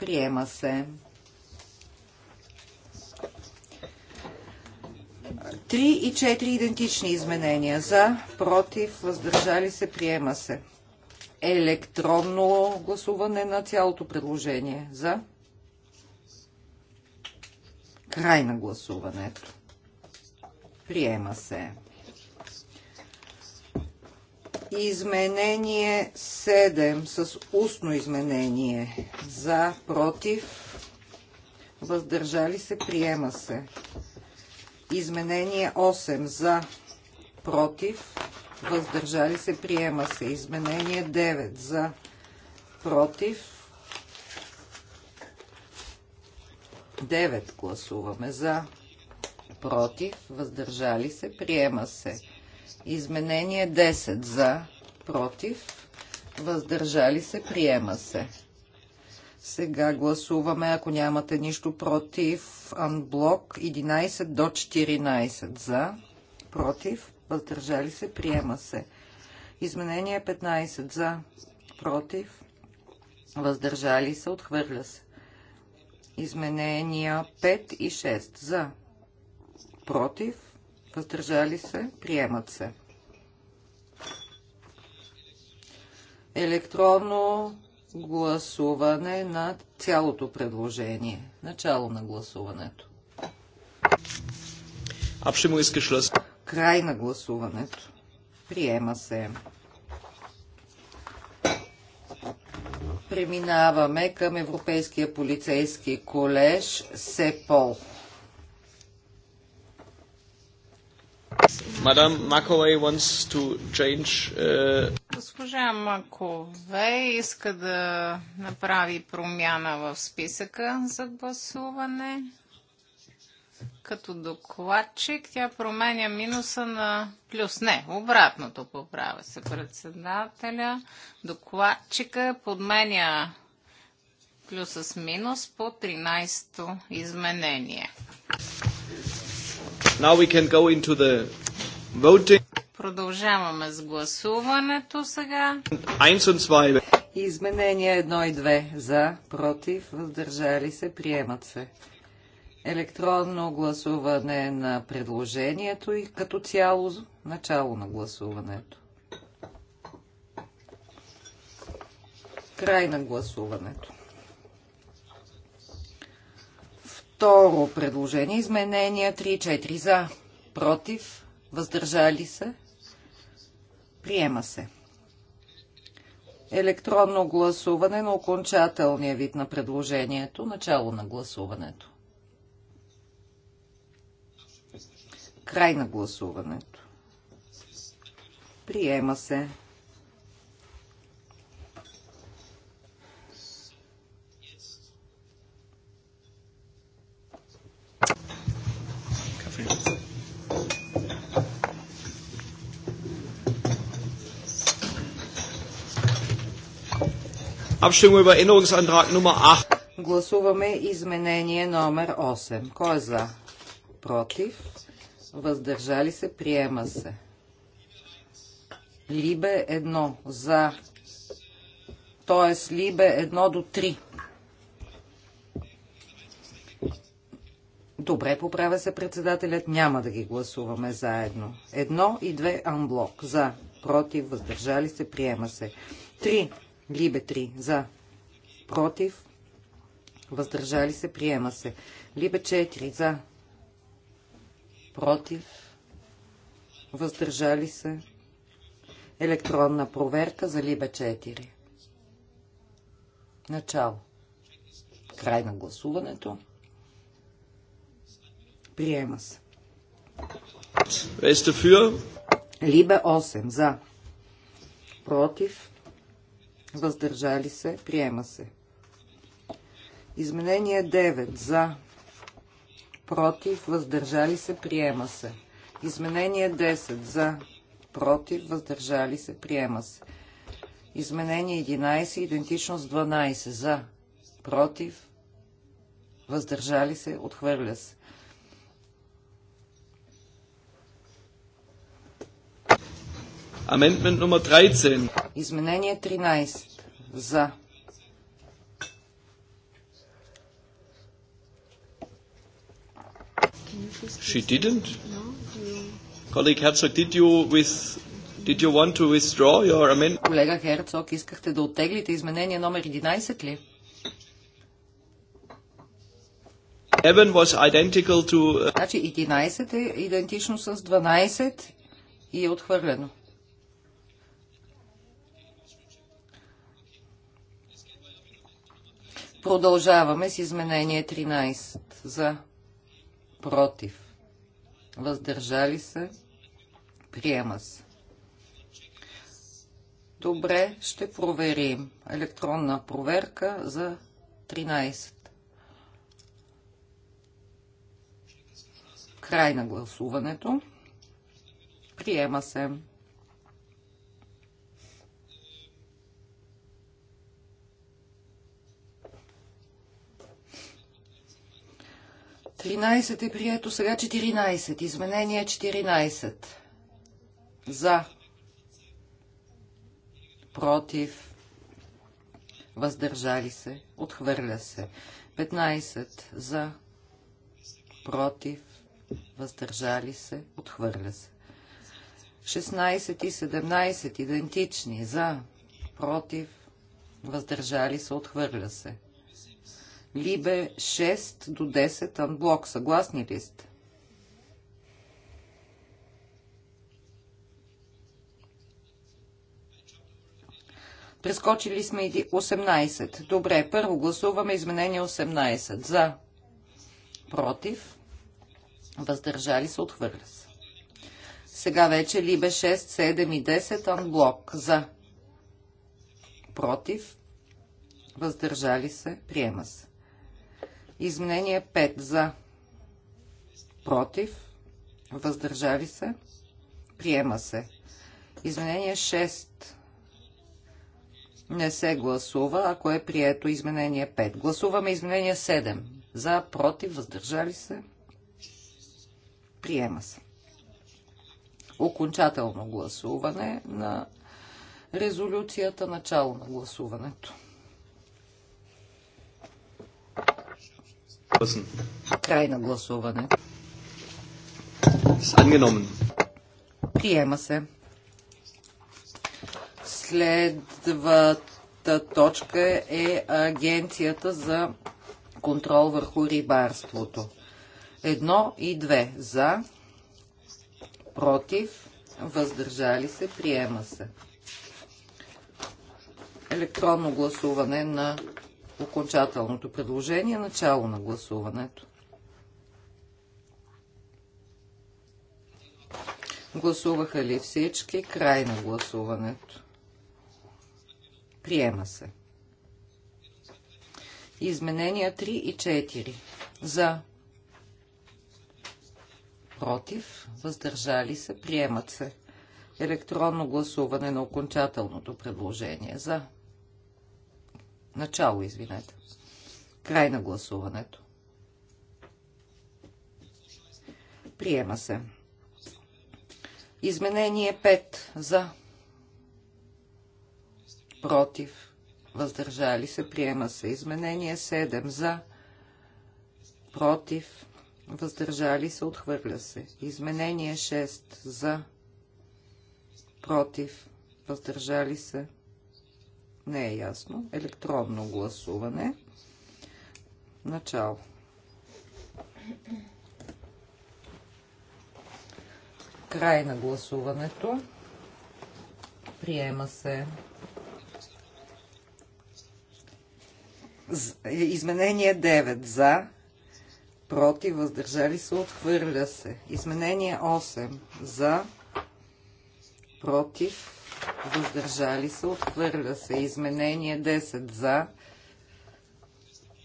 Приема се. Три и четири идентични изменения. За, против, въздържали се, приема се. Електронно гласуване на цялото предложение. За. Край на гласуването. Приема се. Изменение 7 с устно изменение. За, против, въздържали се, приема се. Изменение 8 за, против, въздържали се, приема се. Изменение 9 за, против, 9 гласуваме за, против, въздържали се, приема се. Изменение 10 за, против, въздържали се, приема се. Сега гласуваме, ако нямате нищо против, анблок 11 до 14 за, против, въздържали се, приема се. Изменение 15 за, против, въздържали се, отхвърля се. Изменения 5 и 6 за, против, въздържали се, приемат се. Електронно гласуване на цялото предложение. Начало на гласуването. Край на гласуването. Приема се. Преминаваме към Европейския полицейски колеж СЕПОЛ. Мадам Маковей wants to change... Uh... Госпожа Маковей иска да направи промяна в списъка за гласуване. Като докладчик тя променя минуса на плюс. Не, обратното поправя се председателя. Докладчика подменя плюс с минус по 13-то изменение. Now we can go into the voting. Продължаваме с гласуването сега. Изменения 1 и 2 за, против, въздържали се, приемат се. Електронно гласуване на предложението и като цяло начало на гласуването. Край на гласуването. Второ предложение, изменения 3-4 за, против, въздържали се, приема се. Електронно гласуване на окончателния вид на предложението, начало на гласуването. Край на гласуването. Приема се. country. Гласуваме изменение номер 8. Кой е за? Против? Въздържали се? Приема се. Либе 1 за. Тоест Либе 1 до 3. Добре, поправя се председателят, няма да ги гласуваме заедно. Едно и две анблок. За, против, въздържали се, приема се. Три, либе три, за, против, въздържали се, приема се. Либе 4 за, против, въздържали се, електронна проверка за либе 4. Начало. Край на гласуването. Приема се. Либе 8. За. Против. Въздържали се. Приема се. Изменение 9. За. Против. Въздържали се. Приема се. Изменение 10. За. Против. Въздържали се. Приема се. Изменение 11. Идентично с 12. За. Против. Въздържали се. Отхвърля се. Amendment Nummer 13. Изменение 13. За. She didn't? No. Colleague Herzog, did you with Did you want to withdraw your amendment? Колега Херцог, искахте да оттеглите изменение номер 11 ли? Evan was identical to... Значи 11 е идентично с 12 и е отхвърлено. Продължаваме с изменение 13. За. Против. Въздържали се. Приема се. Добре, ще проверим. Електронна проверка за 13. Край на гласуването. Приема се. 13 е прието, сега 14. Изменение 14. За. Против. Въздържали се. Отхвърля се. 15. За. Против. Въздържали се. Отхвърля се. 16 и 17. Идентични. За. Против. Въздържали се. Отхвърля се. Либе 6 до 10 анблок. Съгласни ли сте? Прескочили сме 18. Добре, първо гласуваме изменение 18. За. Против. Въздържали се, отхвърля се. Сега вече либе 6, 7 и 10 анблок. За. Против. Въздържали се, приема се. Изменение 5 за. Против. Въздържали се. Приема се. Изменение 6 не се гласува, ако е прието изменение 5. Гласуваме изменение 7. За, против, въздържали се. Приема се. Окончателно гласуване на резолюцията, начало на гласуването. Край на гласуване. Приема се. Следвата точка е Агенцията за контрол върху рибарството. Едно и две. За, против, въздържали се, приема се електронно гласуване на окончателното предложение, начало на гласуването. Гласуваха ли всички? Край на гласуването. Приема се. Изменения 3 и 4. За. Против. Въздържали се. Приемат се. Електронно гласуване на окончателното предложение. За. Начало, извинете. Край на гласуването. Приема се. Изменение 5 за. Против. Въздържали се. Приема се. Изменение 7 за. Против. Въздържали се. Отхвърля се. Изменение 6 за. Против. Въздържали се. Не е ясно. Електронно гласуване. Начало. Край на гласуването. Приема се. Е, изменение 9 за, против, въздържали се, отхвърля се. Изменение 8 за, против, въздържали се, отхвърля се. Изменение 10 за,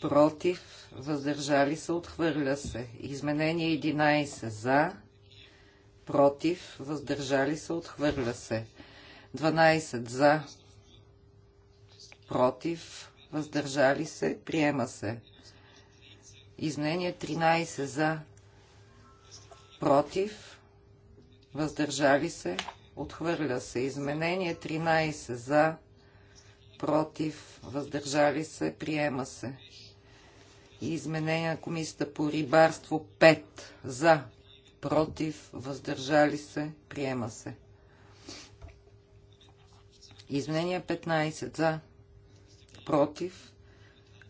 против, въздържали се, отхвърля се. Изменение 11 за, против, въздържали се, отхвърля се. 12 за, против, въздържали се, приема се. Изменение 13 за, против, въздържали се, Отхвърля се. Изменение 13 за. Против. Въздържали се. Приема се. И изменение на комисията по рибарство 5 за. Против. Въздържали се. Приема се. Изменение 15 за. Против.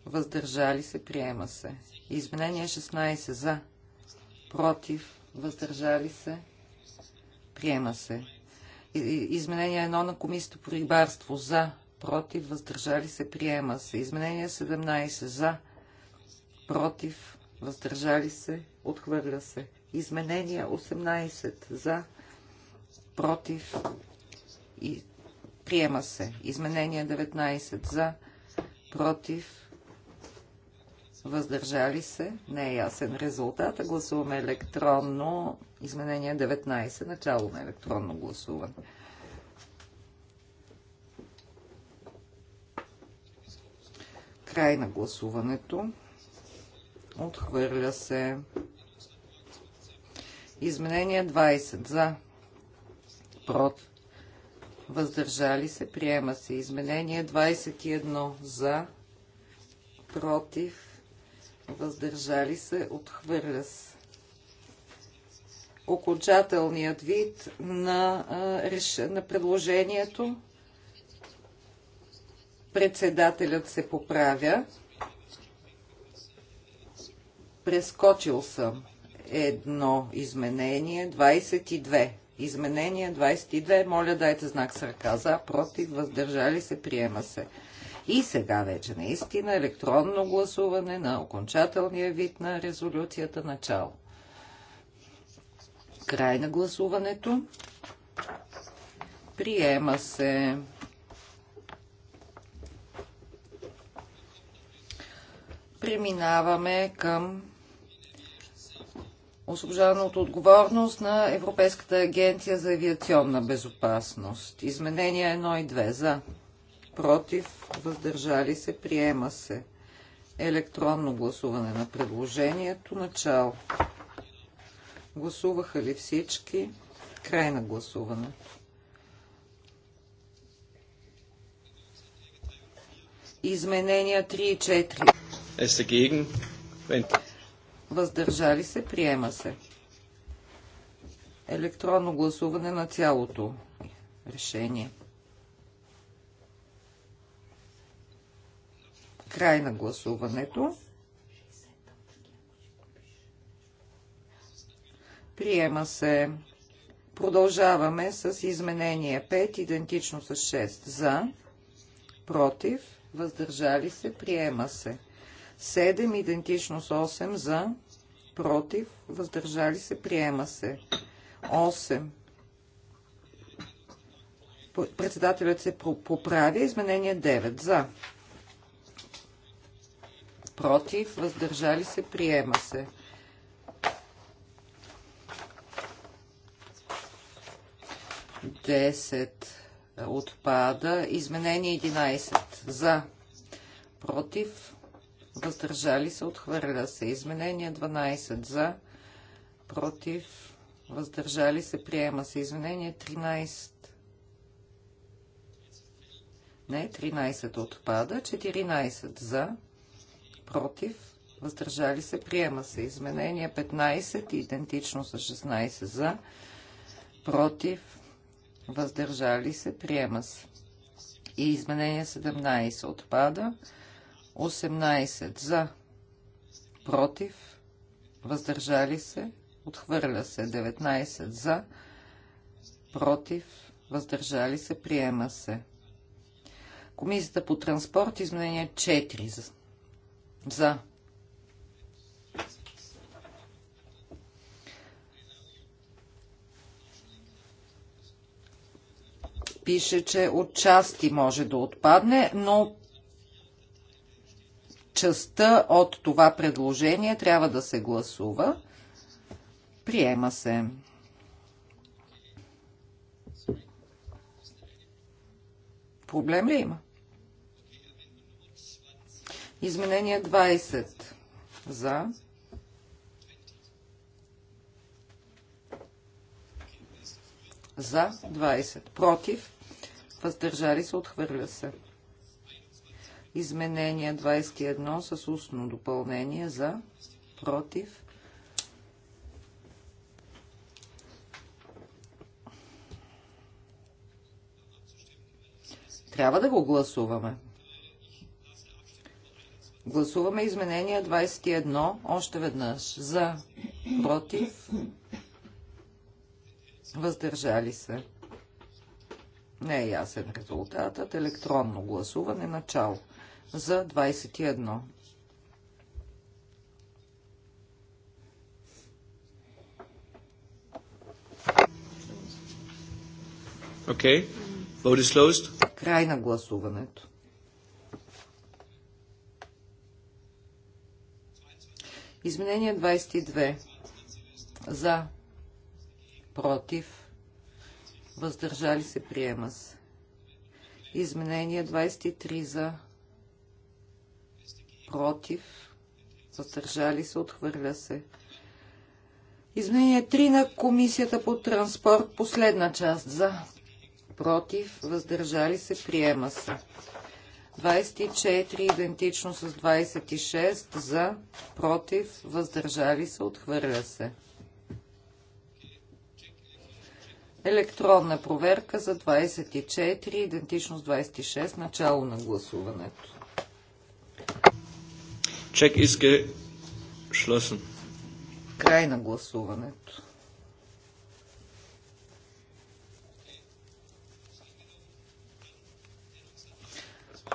Въздържали се. Приема се. Изменение 16 за. Против. Въздържали се. Приема се. Изменение 1 на Комисията по рибарство за, против, въздържали се, приема се. Изменение 17 за, против, въздържали се, отхвърля се. Изменение 18 за, против и приема се. Изменение 19 за, против, въздържали се, не е ясен резултат, гласуваме електронно изменение 19, начало на електронно гласуване. Край на гласуването. Отхвърля се. Изменение 20 за Прот. Въздържали се. Приема се. Изменение 21 за против въздържали се, отхвърля се. Окончателният вид на, на предложението. Председателят се поправя. Прескочил съм едно изменение, 22. Изменение 22. Моля, дайте знак с ръка за, против, въздържали се, приема се. И сега вече наистина електронно гласуване на окончателния вид на резолюцията начало. Край на гласуването. Приема се. Преминаваме към освобождаване от отговорност на Европейската агенция за авиационна безопасност. Изменения 1 и 2 за против, въздържали се, приема се. Електронно гласуване на предложението, начало. Гласуваха ли всички? Край на гласуването. Изменения 3 и 4. Е въздържали се, приема се. Електронно гласуване на цялото решение. Край на гласуването. Приема се. Продължаваме с изменение 5, идентично с 6. За, против, въздържали се, приема се. 7, идентично с 8. За, против, въздържали се, приема се. 8. Председателят се поправя. Изменение 9. За против, въздържали се, приема се. Десет отпада. Изменение 11. За. Против. Въздържали се. Отхвърля се. Изменение 12. За. Против. Въздържали се. Приема се. Изменение 13. Не, 13 отпада. 14 за против, въздържали се, приема се. Изменение 15, идентично с 16 за, против, въздържали се, приема се. И изменение 17 отпада, 18 за, против, въздържали се, отхвърля се, 19 за, против, въздържали се, приема се. Комисията по транспорт изменение 4 за за. Пише, че от части може да отпадне, но частта от това предложение трябва да се гласува. Приема се. Проблем ли има? Изменение 20 за. За 20. Против. Въздържали се. Отхвърля се. Изменение 21 с устно допълнение за. Против. Трябва да го гласуваме. Гласуваме изменение 21 още веднъж. За, против, въздържали се. Не е ясен резултатът. Електронно гласуване начало за 21. Okay. Vote is closed. Край на гласуването. Изменение 22. За. Против. Въздържали се. Приема се. Изменение 23 за. Против. Въздържали се. Отхвърля се. Изменение 3 на Комисията по транспорт. Последна част за. Против. Въздържали се. Приема се. 24 идентично с 26 за, против, въздържали се, отхвърля се. Електронна проверка за 24, идентично с 26, начало на гласуването. Чек is geschlossen. Край на гласуването.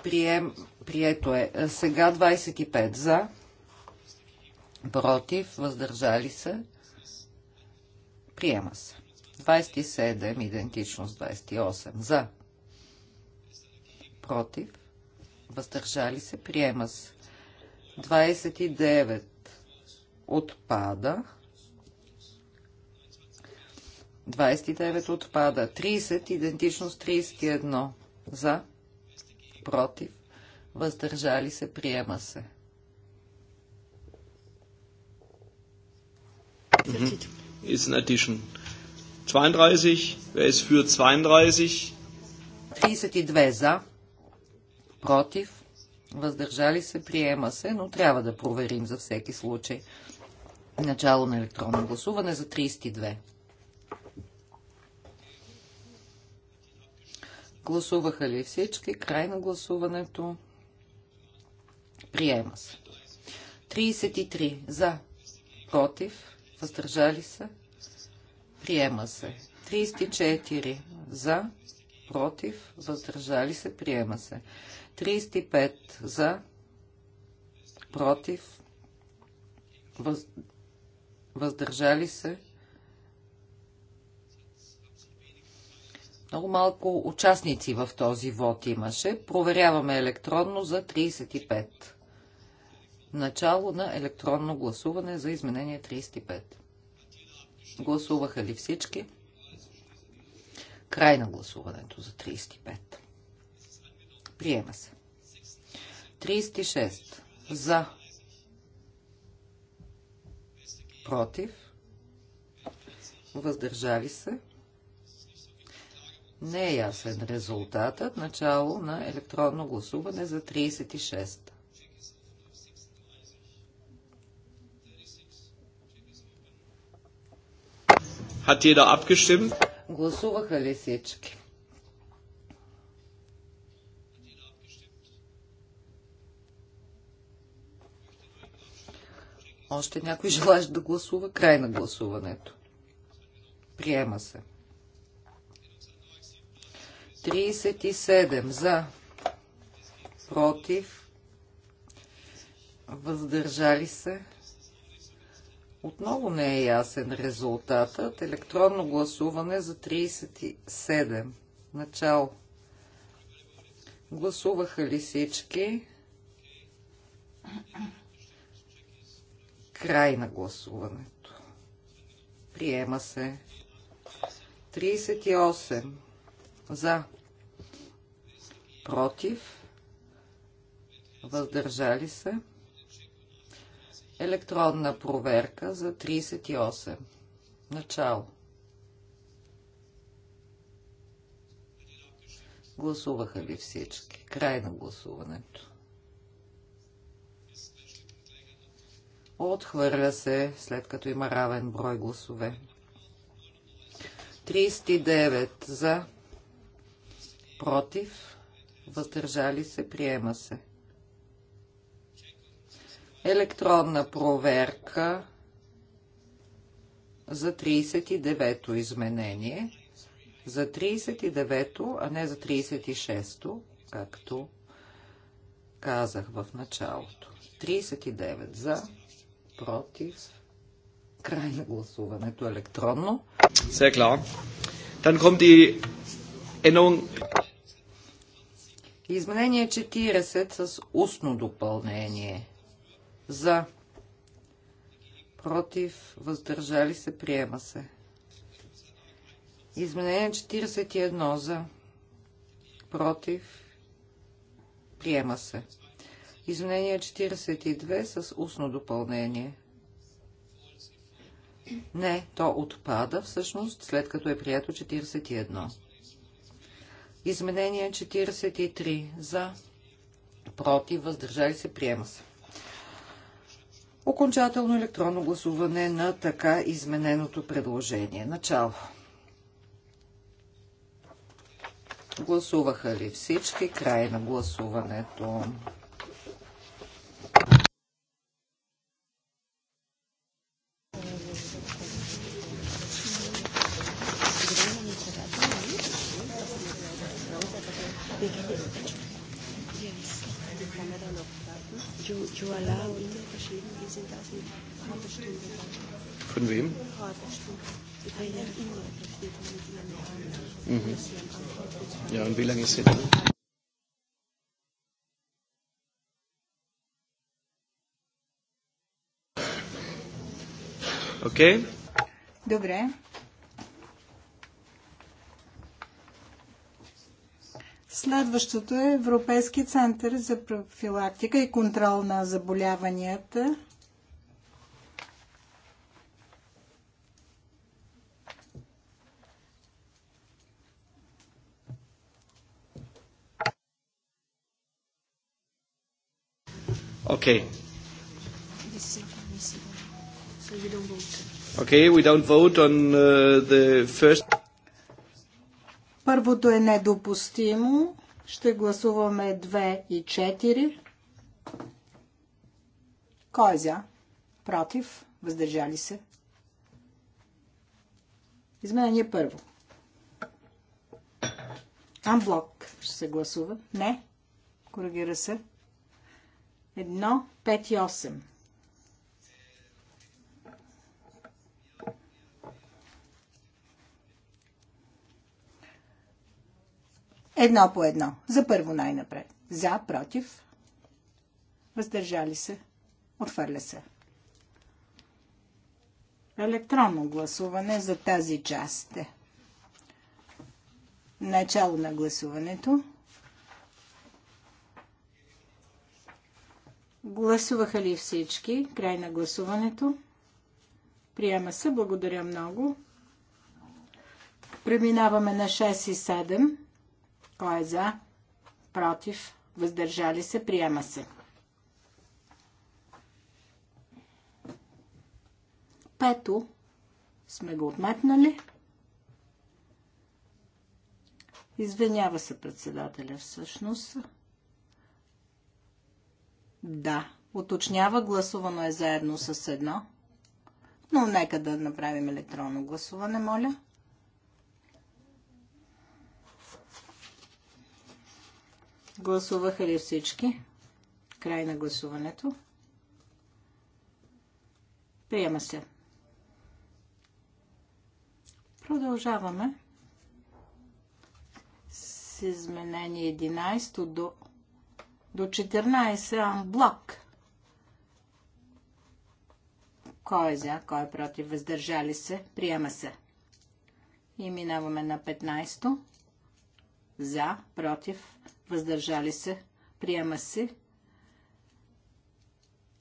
Прием, прието е. Сега 25 за, против, въздържали се, приема се. 27, идентично с 28, за, против, въздържали се, приема се. 29 отпада. 29 отпада. 30 идентично с 31 за против, въздържали се, приема се. Is an addition. 32, wer ist für 32? 32 за, против, въздържали се, приема се, но трябва да проверим за всеки случай. Начало на електронно гласуване за 32. Гласуваха ли всички? Край на гласуването. Приема се. 33 за, против, въздържали се. Приема се. 34 за, против, въздържали се. Приема се. 35 за, против, въздържали се. Много малко участници в този вод имаше. Проверяваме електронно за 35. Начало на електронно гласуване за изменение 35. Гласуваха ли всички? Край на гласуването за 35. Приема се. 36. За. Против. Въздържали се. Не е ясен резултатът. Начало на електронно гласуване за 36. Hat jeder abgestimmt? Гласуваха ли всички? Още някой желаеш да гласува край на гласуването. Приема се. 37 за, против, въздържали се. Отново не е ясен резултатът. Електронно гласуване за 37. Начало. Гласуваха ли всички? Край на гласуването. Приема се. 38. За против, въздържали се. Електронна проверка за 38. Начало. Гласуваха ли всички? Край на гласуването. Отхвърля се, след като има равен брой гласове. 39 за, против, въздържали се, приема се. Електронна проверка за 39-то изменение. За 39-то, а не за 36-то, както казах в началото. 39 за, против, край на гласуването електронно. Sehr klar. Dann kommt die Änderung Изменение 40 с устно допълнение. За. Против. Въздържали се. Приема се. Изменение 41 за. Против. Приема се. Изменение 42 с устно допълнение. Не, то отпада всъщност, след като е прието 41. Изменение 43 за, против, въздържали се, приема се. Окончателно електронно гласуване на така измененото предложение. Начало. Гласуваха ли всички? Край на гласуването. Von wem? Mhm. Ja, und wie lange ist sie da? Okay. Dobre. Следващото е Европейски център за профилактика и контрол на заболяванията. Okay. Okay, we don't vote on uh, the first... Първото е недопустимо. Ще гласуваме 2 и 4. Кой е за? Против? Въздържали се? Изменение първо. Амблок ще се гласува. Не. Коригира се. 1, 5 и 8. Едно по едно. За първо най-напред. За, против. Въздържали се. Отвърля се. Електронно гласуване за тази част е. Начало на гласуването. Гласуваха ли всички? Край на гласуването. Приема се. Благодаря много. Преминаваме на 6 и 7. Кой е за? Против? Въздържали се? Приема се. Пето сме го отметнали. Извинява се председателя всъщност. Да, уточнява, гласувано е заедно с едно. Но нека да направим електронно гласуване, моля. Гласуваха ли всички? Край на гласуването. Приема се. Продължаваме с изменение 11 до до 14 блок. Кой е за, кой е против, въздържали се, приема се. И минаваме на 15. то За, против, въздържали се, приема се.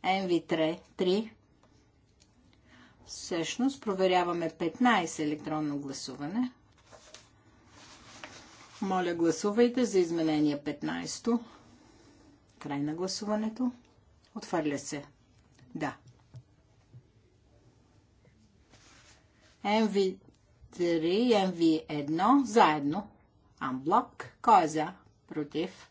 NV3, 3. Всъщност проверяваме 15 електронно гласуване. Моля гласувайте за изменение 15. то Край на гласуването. Отваря се. Да. MV3 MV1 заедно. Амблок. Кой е за? Против.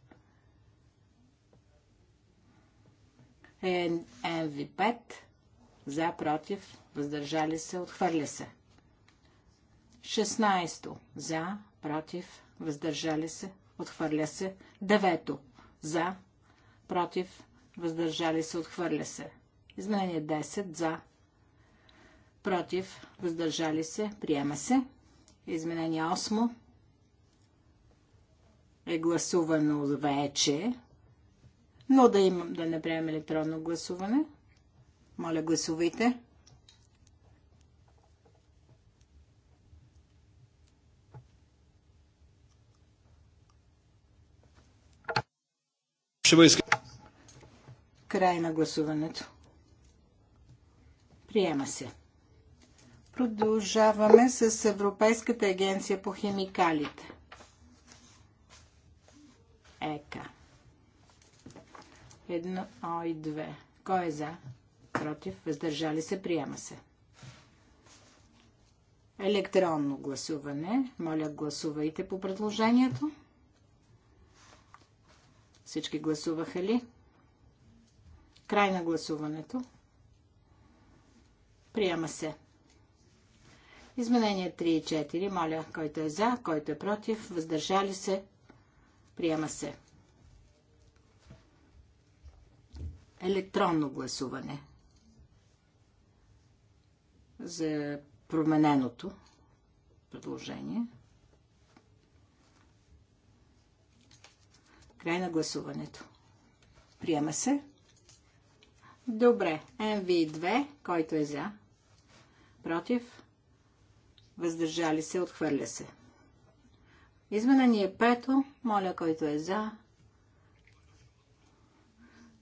MV5 за, против, въздържали се, отхвърля се. 16. то За, против, въздържали се, отхвърля се. 9. За, против, въздържали се, отхвърля се. Изменение 10 за, против, въздържали се, приема се. Изменение 8 е гласувано вече, но да, имам, да не приемем електронно гласуване. Моля, гласувайте. Шивайска. Край на гласуването. Приема се. Продължаваме с Европейската агенция по химикалите. ЕКА. Едно, и две. Кой е за? Против? Въздържали се? Приема се. Електронно гласуване. Моля, гласувайте по предложението. Всички гласуваха ли? Край на гласуването. Приема се. Изменение 3 и 4. Моля, който е за, който е против, въздържали се. Приема се. Електронно гласуване. За промененото предложение. Край на гласуването. Приема се. Добре. мв 2 който е за. Против. Въздържали се, отхвърля се. Изменение пето. Моля, който е за.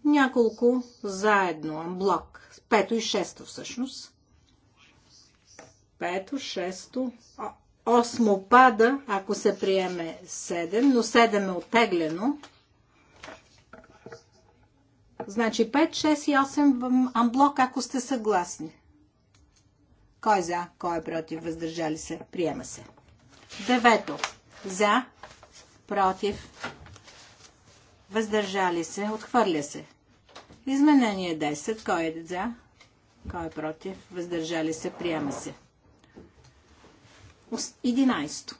Няколко заедно. Блок. Пето и шесто всъщност. Пето, шесто. Осмо пада, ако се приеме седем, но седем е оттеглено. Значи 5, 6 и 8 амблок, ако сте съгласни. Кой е за, кой е против, въздържали се, приема се. Девето. За, против, въздържали се, отхвърля се. Изменение 10. Кой е за, кой е против, въздържали се, приема се. 11.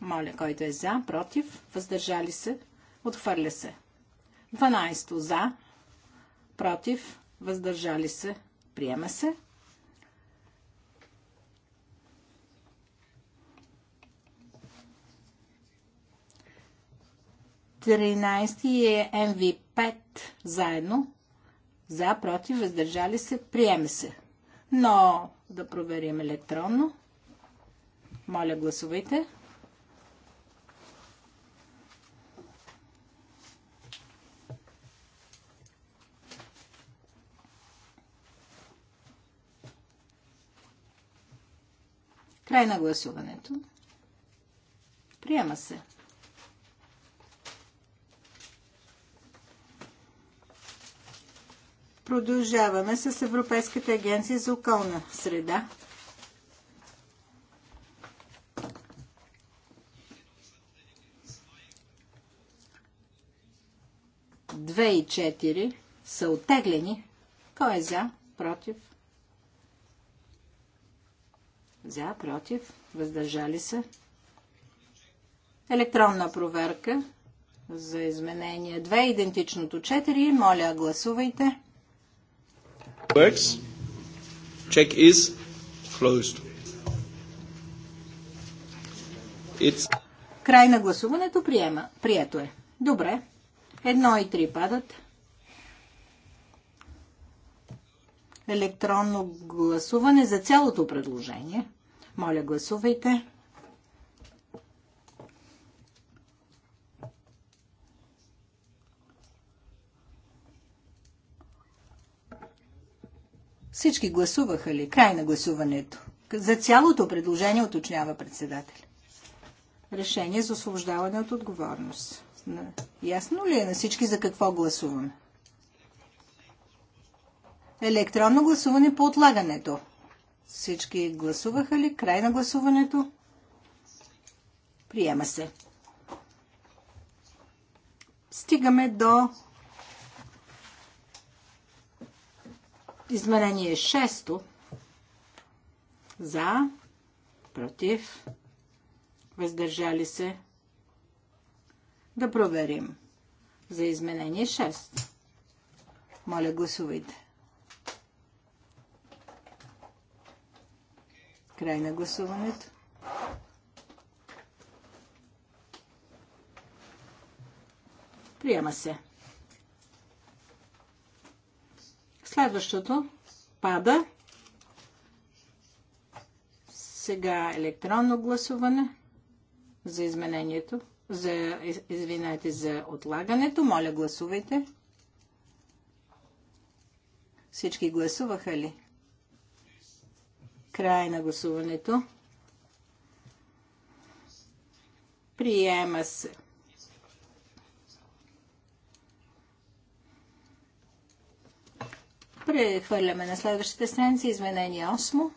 Моля, който е за, против, въздържали се, отхвърля се. 12 за, против, въздържали се, приема се. Тринайсти е МВ5 заедно. За, против, въздържали се, приеме се. Но да проверим електронно. Моля, гласувайте. Край на гласуването. Приема се. Продължаваме с Европейската агенция за околна среда. Две и четири са оттеглени. Кой е за? Против? За, против, въздържали се. Електронна проверка за изменение 2, идентичното 4. Моля, гласувайте. Works. Check is closed. It's... Край на гласуването приема. Прието е. Добре. Едно и три падат. Електронно гласуване за цялото предложение. Моля, гласувайте. Всички гласуваха ли? Край на гласуването. За цялото предложение уточнява председател. Решение за освобождаване от отговорност. Ясно ли е на всички за какво гласуваме? Електронно гласуване по отлагането. Всички гласуваха ли? Край на гласуването. Приема се. Стигаме до изменение 6. За, против, въздържали се. Да проверим за изменение 6. Моля, гласувайте. Край на гласуването. Приема се. Следващото пада. Сега електронно гласуване за изменението, за, извинете, за отлагането. Моля, гласувайте. Всички гласуваха ли? Край на гласуването. Приема се. Прехвърляме на следващите страници изменение 8.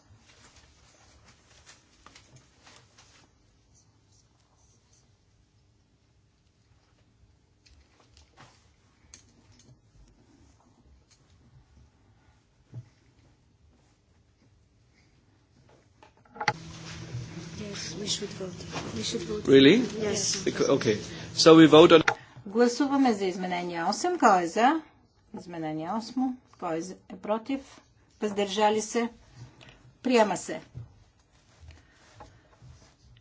Гласуваме за изменение 8. Кой е за? Изменение 8. Кой е, е против? Въздържали се? Приема се.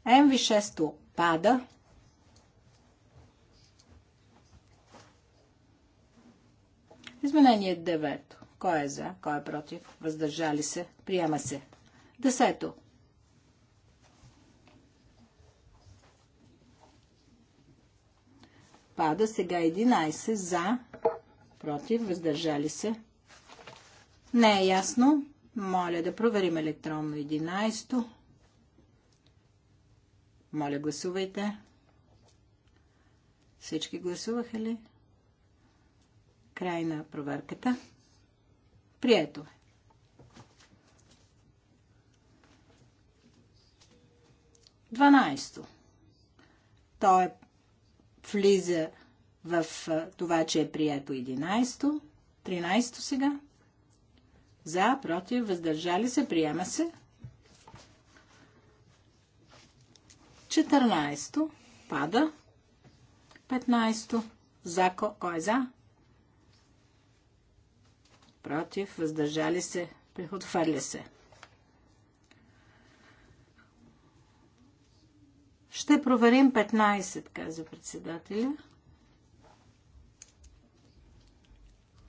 МВ6 пада. Изменение 9. Кой е за? Кой е против? Въздържали се? Приема се. Десето. Пада сега 11 за, против, въздържали се. Не е ясно. Моля да проверим електронно 11-то. Моля, гласувайте. Всички гласуваха ли? Край на проверката. Прието е. Дванайсто. То е влиза в това, че е прието 11-то, 13-то сега. За, против, въздържали се, приема се. 14-то пада. 15-то за, кой е за? Против, въздържали се, отхвърля се. Ще проверим 15, каза председателя.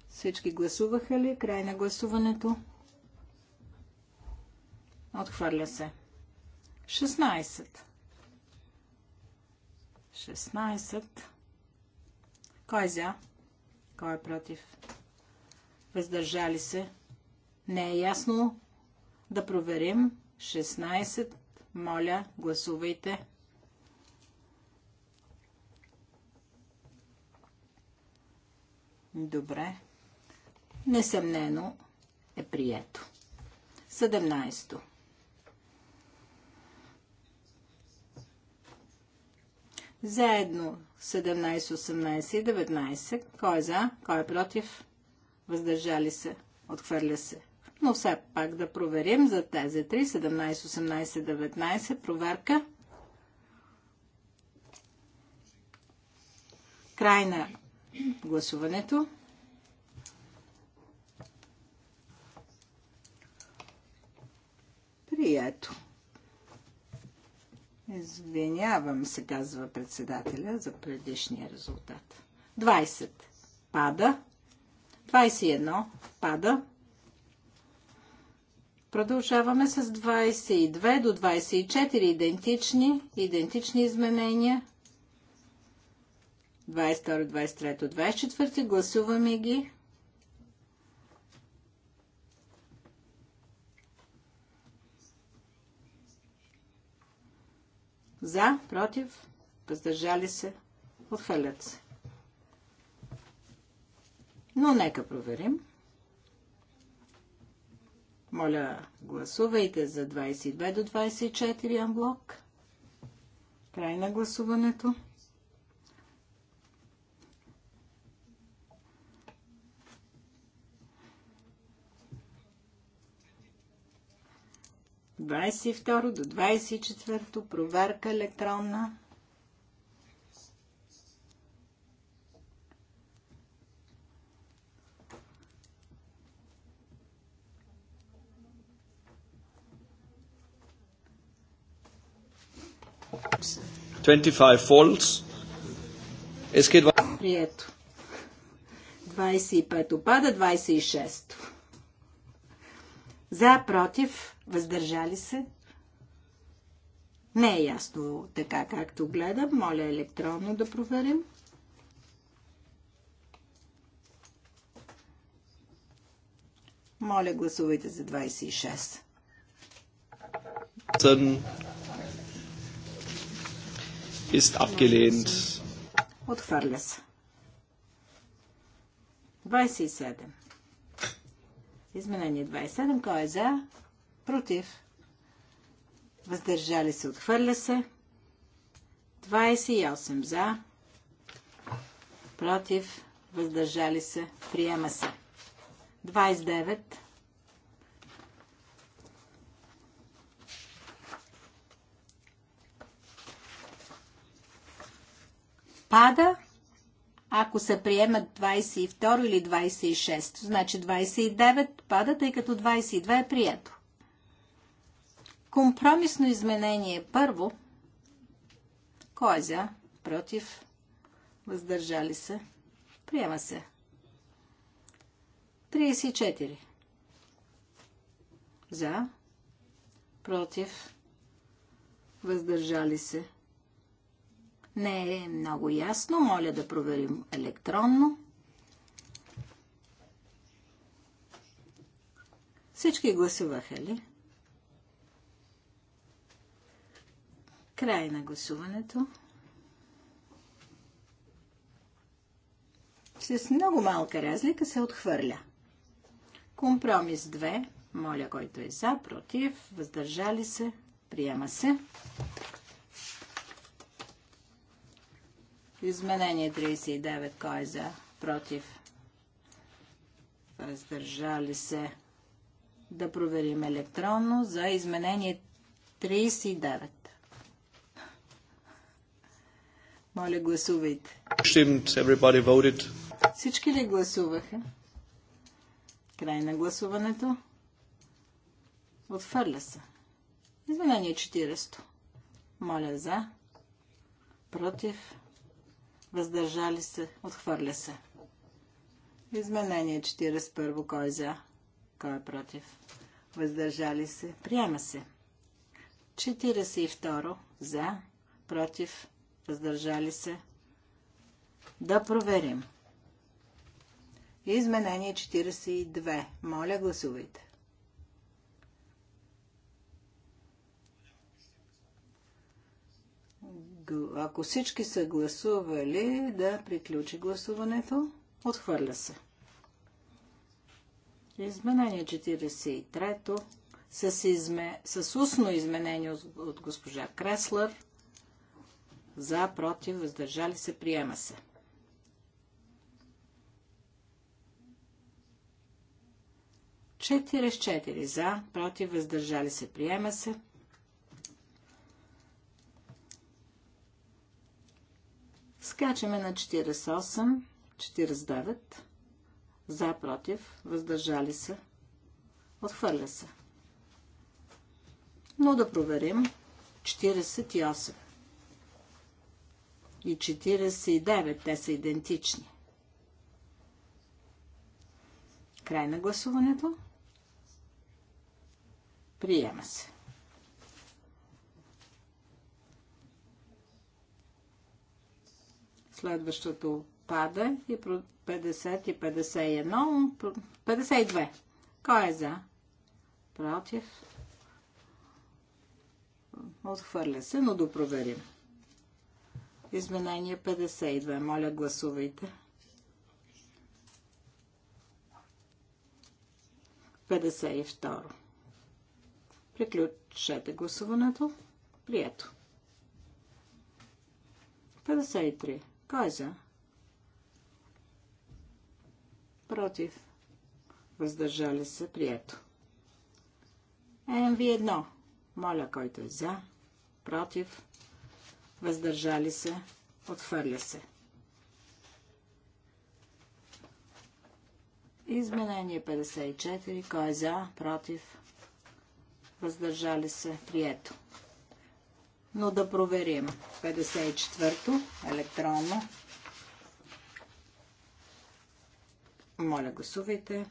Всички гласуваха ли? Край на гласуването. Отхвърля се. 16. 16. Кой е за? Кой е против? Въздържали се? Не е ясно. Да проверим. 16. Моля, гласувайте. Добре. Несъмнено е прието. 17. то Заедно 17, 18 и 19. Кой е за, кой е против? Въздържали се, отхвърля се. Но все пак да проверим за тези 3, 17, 18, 19. Проверка. Крайна гласуването. Прието. Извинявам се, казва председателя за предишния резултат. 20. Пада. 21. Пада. Продължаваме с 22 до 24 идентични, идентични изменения. 22, 23, 24. Гласуваме ги. За, против, въздържали се, отхвърлят се. Но нека проверим. Моля, гласувайте за 22 до 24 амблок. Край на гласуването. 22 до 24 проверка електронна. Прието. 25 опада, 26. то за, против, въздържали се. Не е ясно така, както гледам. Моля електронно да проверим. Моля, гласувайте за 26. Ist abgelehnt. Отхвърля се. 27. Изменение 27. Кой е за? Против. Въздържали се. Отхвърля се. 28 за. Против. Въздържали се. Приема се. 29. Пада ако се приемат 22 или 26. Значи 29 пада, тъй като 22 е прието. Компромисно изменение първо. Кой е за? Против? Въздържали се? Приема се. 34. За? Против? Въздържали се? не е много ясно. Моля да проверим електронно. Всички гласуваха ли? Край на гласуването. С много малка разлика се отхвърля. Компромис 2. Моля, който е за, против, въздържали се, приема се. Изменение 39. Кой е за? Против. Въздържали се. Да проверим електронно за изменение 39. Моля, гласувайте. Всички ли гласуваха? Край на гласуването. Отхвърля се. Изменение 40. Моля за. Против въздържали се, отхвърля се. Изменение 41. Кой е за? Кой е против? Въздържали се. Приема се. 42. За. Против. Въздържали се. Да проверим. Изменение 42. Моля, гласувайте. ако всички са гласували, да приключи гласуването. Отхвърля се. Изменение 43-то с, изме... с устно изменение от госпожа Креслър. За, против, въздържали се, приема се. Четири с четири за, против, въздържали се, приема се. Скачаме на 48, 49, за, против, въздържали се, отхвърля се. Но да проверим 48 и 49, те са идентични. Край на гласуването. Приема се. Следващото пада и 50 и 51. 52. Кой е за? Против. Отхвърля се, но да проверим. Изменение 52. Моля, гласувайте. 52. Приключете гласуването. Прието. 53. Кой е за? Против. Въздържали се. Прието. МВ1. Моля, който е за. Против. Въздържали се. Отхвърля се. Изменение 54. Кой е за? Против. Въздържали се. Прието но да проверим. 54-то, електронно. Моля, гласувайте.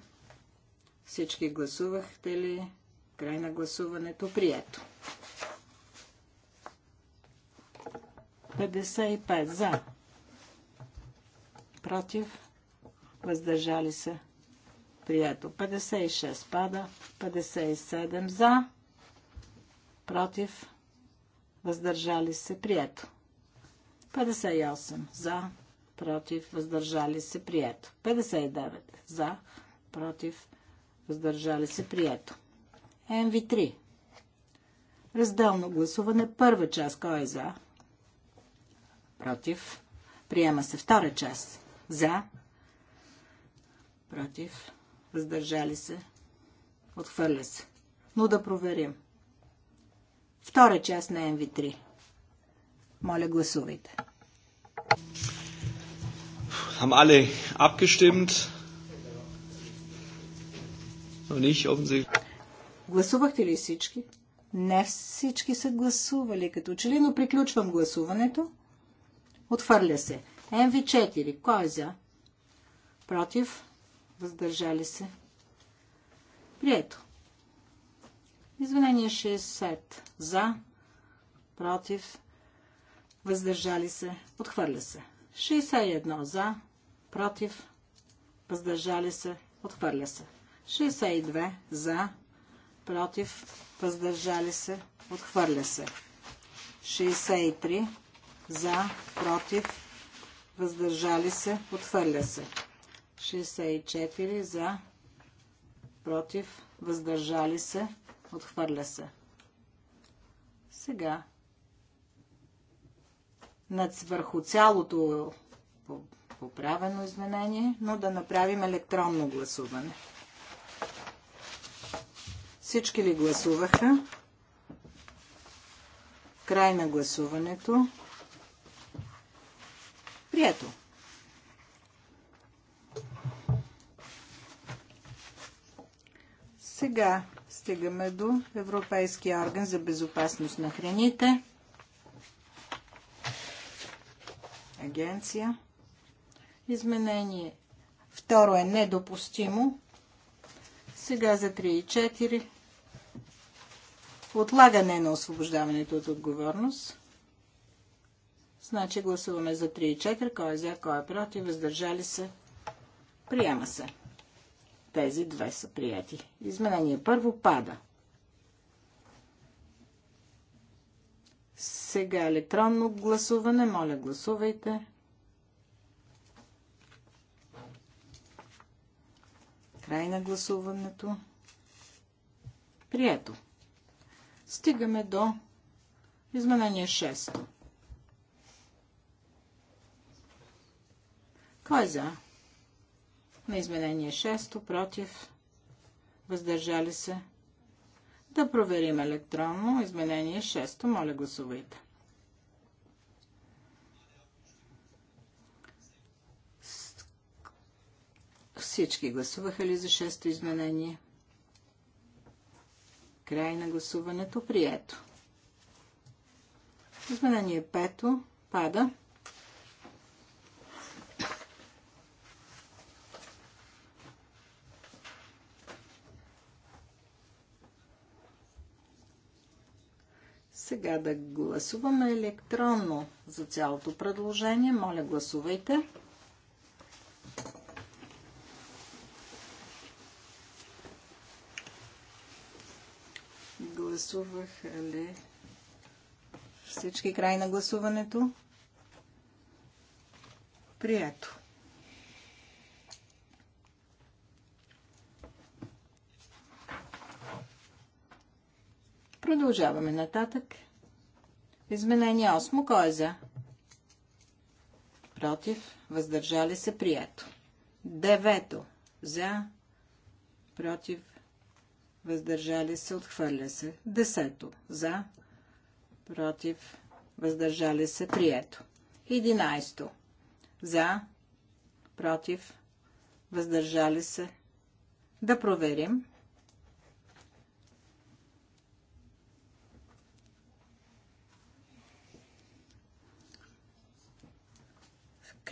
Всички гласувахте ли? Край на гласуването. Прието. 55 за. Против. Въздържали се. Прието. 56 пада. 57 за. Против въздържали се, прието. 58 за, против, въздържали се, прието. 59 за, против, въздържали се, прието. МВ3. Разделно гласуване. Първа част. Кой е за? Против. Приема се втора част. За. Против. Въздържали се. Отхвърля се. Но да проверим. Втора част на МВ3. Моля, гласувайте. Haben alle abgestimmt? nicht, Гласувахте ли всички? Не всички са гласували като че ли, но приключвам гласуването. Отхвърля се. МВ4. Кой е за? Против? Въздържали се. Прието. Изменение 60 за, против, въздържали се, отхвърля се. 61 за, против, въздържали се, отхвърля се. 62 за, против, въздържали се, отхвърля се. 63 за, против, въздържали се, отхвърля се. 64 за, против, въздържали се, Отхвърля се. Сега. Над върху цялото поправено изменение, но да направим електронно гласуване. Всички ли гласуваха? Край на гласуването. Прието. Сега стигаме до Европейския орган за безопасност на храните. Агенция. Изменение. Второ е недопустимо. Сега за 3 и 4. Отлагане на освобождаването от отговорност. Значи гласуваме за 3 и 4. Кой е за, кой е против, въздържали се. Приема се. Тези две са прияти. Изменение първо пада. Сега електронно гласуване. Моля, гласувайте. Край на гласуването. Прието. Стигаме до изменение 6. Кой е за? на изменение 6 против, въздържали се. Да проверим електронно изменение 6. Моля гласувайте. Всички гласуваха ли за 6 изменение? Край на гласуването. Прието. Изменение 5 пада. сега да гласуваме електронно за цялото предложение. Моля, гласувайте. Гласувах ли всички край на гласуването? Прието. Продължаваме нататък. Изменение 8. Кой е за? Против. Въздържали се. Прието. Девето. За. Против. Въздържали се. Отхвърля се. Десето. За. Против. Въздържали се. Прието. Единайсто. За. Против. Въздържали се. Да проверим.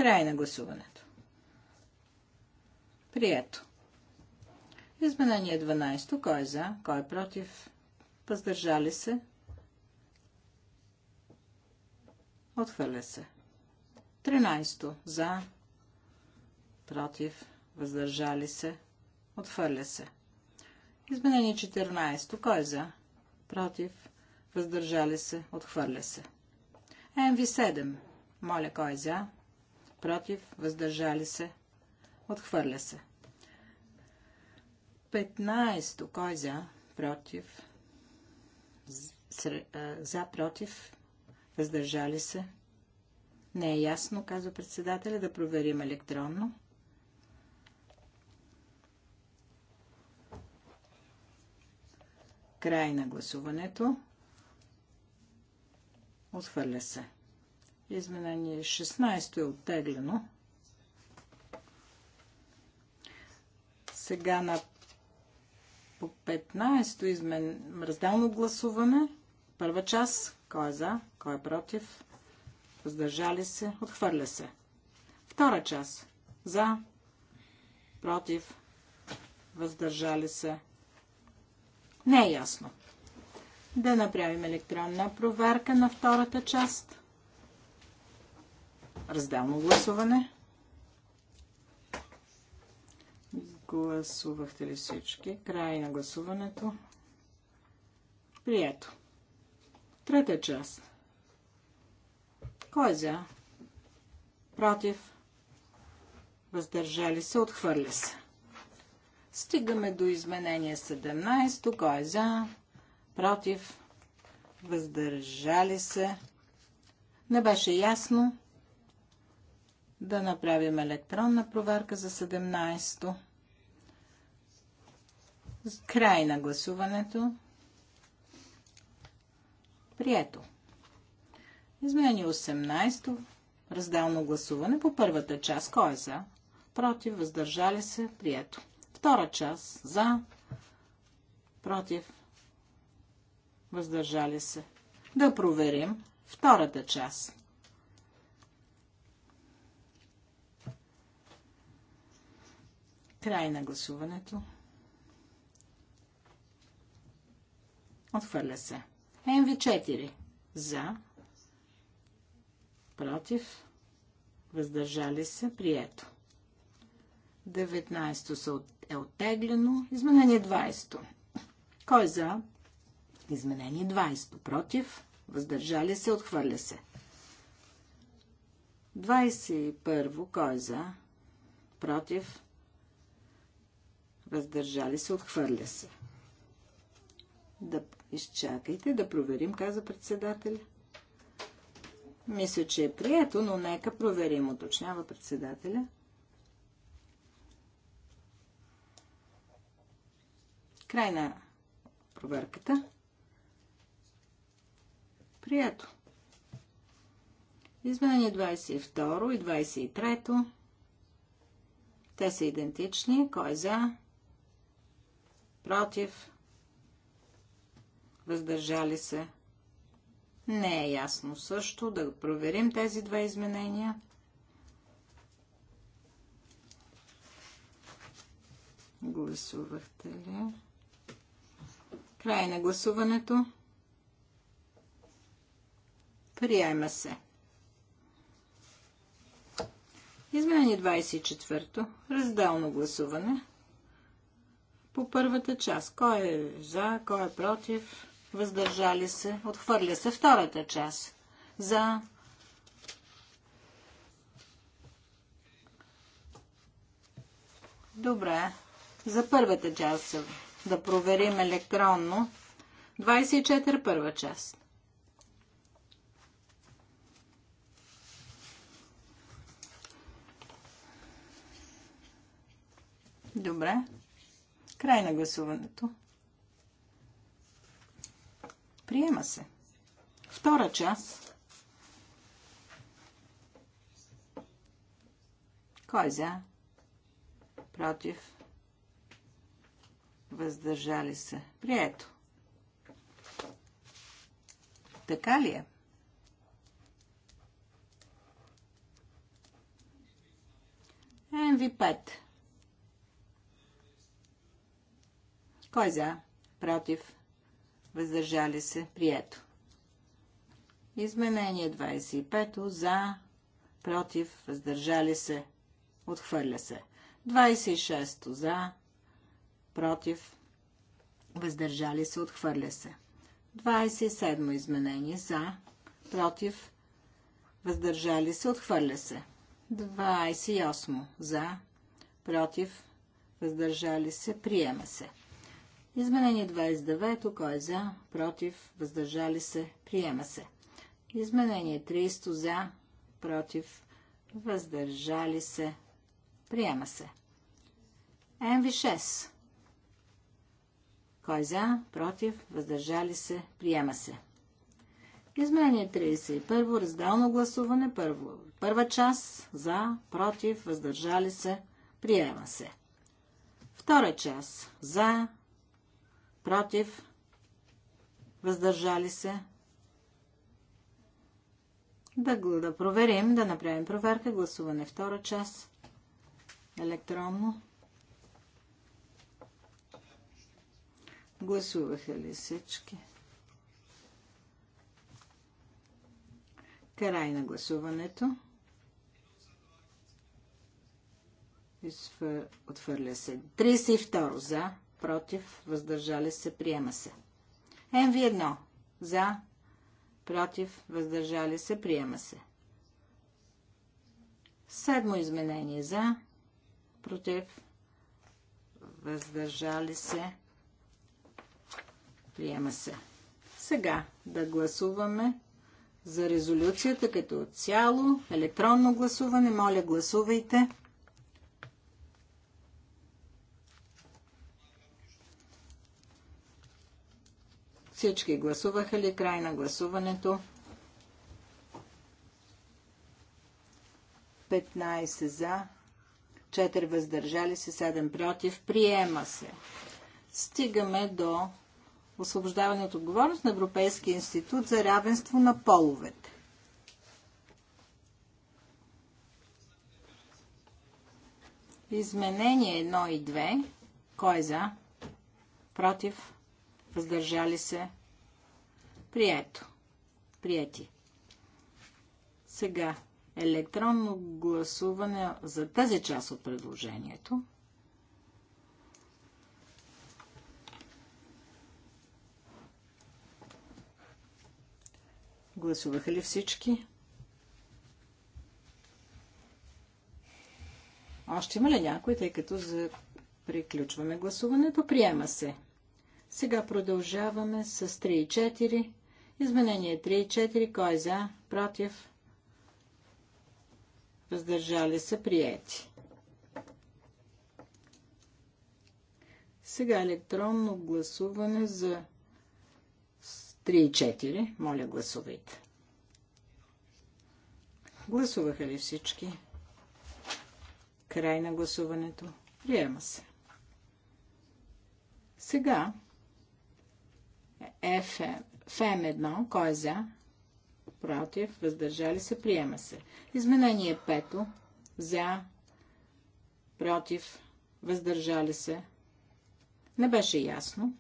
Край на гласуването. Прието. Изменение 12. Кой е за? Кой е против? Въздържали се? Отхвърля се. 13. За? Против? Въздържали се? Отхвърля се. Изменение 14. Кой е за? Против? Въздържали се? Отхвърля се. МВ7. Моля, кой е за? против, въздържали се, отхвърля се. 15. Кой е за, против, за, против, въздържали се. Не е ясно, казва председателя, да проверим електронно. Край на гласуването. Отхвърля се. Изменение 16 е оттеглено. Сега на по 15-то измен... раздално гласуване. Първа част. Кой е за? Кой е против? Въздържали се? Отхвърля се. Втора част. За? Против? Въздържали се? Не е ясно. Да направим електронна проверка на втората част. Разделно гласуване. Гласувахте ли всички? Край на гласуването. Прието. Трета част. Кой е за? Против? Въздържали се? Отхвърля се. Стигаме до изменение 17. Кой е за? Против? Въздържали се? Не беше ясно да направим електронна проверка за 17-то. Край на гласуването. Прието. Измени 18-то. Разделно гласуване по първата част. Кой е за? Против, въздържали се, прието. Втора част. За, против, въздържали се. Да проверим втората част. Край на гласуването. Отхвърля се. МВ4. За. Против. Въздържали се. Прието. 19 е оттеглено. Изменение 20. Кой е за? Изменение 20. Против. Въздържали се. Отхвърля се. 21. Кой е за? Против въздържали се, отхвърля се. Да изчакайте, да проверим, каза председателя. Мисля, че е прието, но нека проверим, уточнява председателя. Край на проверката. Прието. Изменение 22 и 23. Те са идентични. Кой е за? против, въздържали се. Не е ясно също. Да проверим тези два изменения. Гласувахте ли? Край на гласуването. Приема се. Изменение 24. Разделно гласуване по първата част. Кой е за, кой е против, въздържали се, отхвърля се втората част. За, Добре. За първата част да проверим електронно. 24 първа част. Добре. Край на гласуването. Приема се. Втора част. Кой е за? Против? Въздържали се. Прието. Така ли е? ви 5 Кой е за? Против. Въздържали се. Прието. Изменение 25 за. Против. Въздържали се. Отхвърля се. 26 за. Против. Въздържали се. Отхвърля се. 27 изменение за. Против. Въздържали се. Отхвърля се. 28 за. Против въздържали се, приема се. Изменение 29. Кой е за? Против. Въздържали се. Приема се. Изменение 30. За. Против. Въздържали се. Приема се. МВ6. Кой е за? Против. Въздържали се. Приема се. Изменение 31. Разделно гласуване. Първо. Първа част. За. Против. Въздържали се. Приема се. Втора част. За против, въздържали се. Да, да проверим, да направим проверка. Гласуване втора част. Електронно. Гласуваха ли всички? Край на гласуването. Отвърля се. 32 за против, въздържали се, приема се. МВ1 за, против, въздържали се, приема се. Седмо изменение за, против, въздържали се, приема се. Сега да гласуваме за резолюцията като цяло. Електронно гласуване. Моля, гласувайте. Всички гласуваха ли край на гласуването? 15 за, 4 въздържали се, 7 против. Приема се. Стигаме до освобождаване от отговорност на Европейския институт за равенство на половете. Изменение 1 и 2. Кой е за? Против? въздържали се, прието. Прияти. Сега електронно гласуване за тази част от предложението. Гласуваха ли всички? Още има ли някой, тъй като за... приключваме гласуването? Приема се. Сега продължаваме с 3 и 4. Изменение 3 и 4. Кой е за? Против? Въздържали са Приети. Сега електронно гласуване за 3 и 4. Моля, гласувайте. Гласуваха ли всички? Край на гласуването. Приема се. Сега ФМ, ФМ 1, кой е за? Против, въздържали се, приема се. Изменение 5, за, против, въздържали се. Не беше ясно.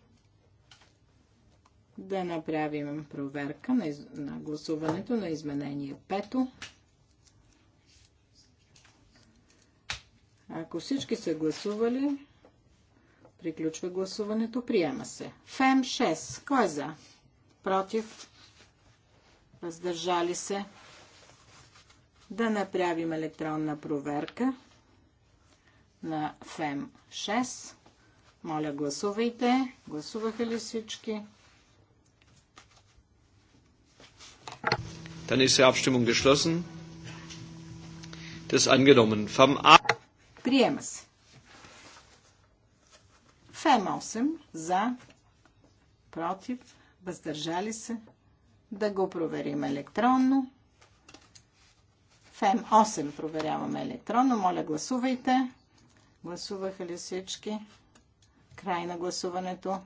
Да направим проверка на, из... на гласуването на изменение 5. Ако всички са гласували, Приключва гласуването. Приема се. ФЕМ 6. Кой е за? Против? Въздържали се? Да направим електронна проверка на ФЕМ 6. Моля, гласувайте. Гласуваха ли всички? Dann ist die Abstimmung geschlossen. Das ist angenommen. FAM 8. Приема се. ФЕМ 8 за, против, въздържали се. Да го проверим електронно. ФЕМ 8 проверяваме електронно. Моля, гласувайте. Гласуваха ли всички? Край на гласуването.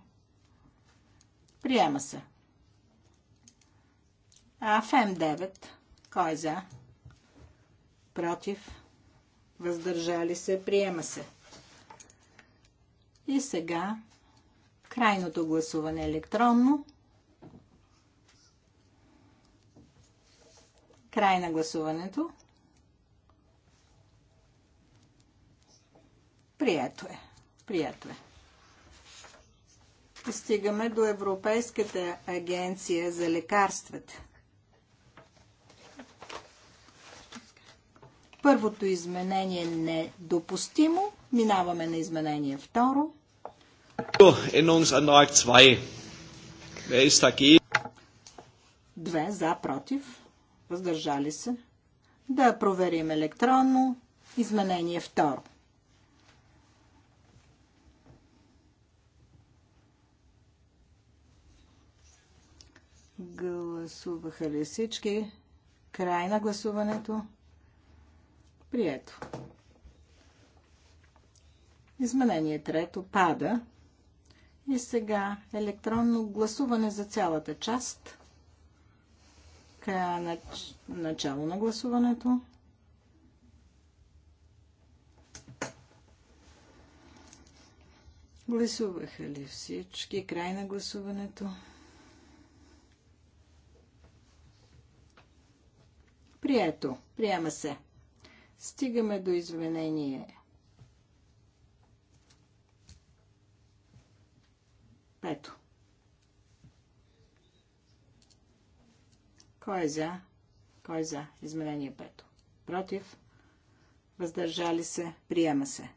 Приема се. А ФЕМ 9. Кой е за? Против. Въздържали се. Приема се. И сега крайното гласуване електронно. Край на гласуването. Прието е. Прието е. Стигаме до Европейската агенция за лекарствата. Първото изменение е недопустимо. Минаваме на изменение второ. Änderungsantrag 2. Wer ist dagegen? Две за, против, въздържали се. Да проверим електронно изменение второ. Гласуваха ли всички? Край на гласуването. Прието. Изменение трето пада. И сега електронно гласуване за цялата част. Ка начало на гласуването. Гласуваха ли всички? Край на гласуването. Прието. Приема се. Стигаме до изменение. Пето. Кой е за? Кой е за? Изменение пето. Против? Въздържали се? Приема се.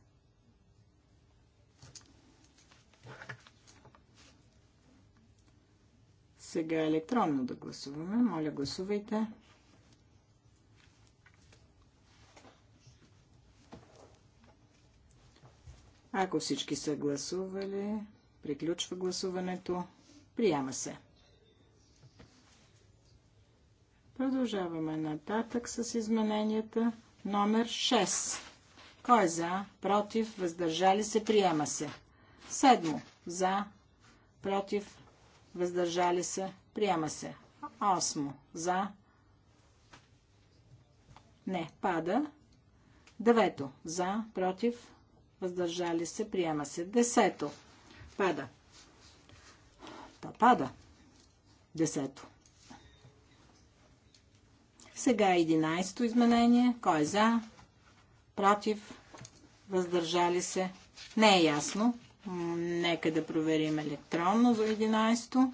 Сега електронно да гласуваме. Моля, гласувайте. Гласувайте. Ако всички са гласували, приключва гласуването. Приема се. Продължаваме нататък с измененията. Номер 6. Кой е за? Против? Въздържали се? Приема се. Седмо. За? Против? Въздържали се? Приема се. Осмо. За? Не. Пада. Девето. За? Против? въздържали се, приема се. Десето, пада. Па, пада. Десето. Сега 11-то е изменение. Кой е за? Против? Въздържали се? Не е ясно. Нека да проверим електронно за 11-то.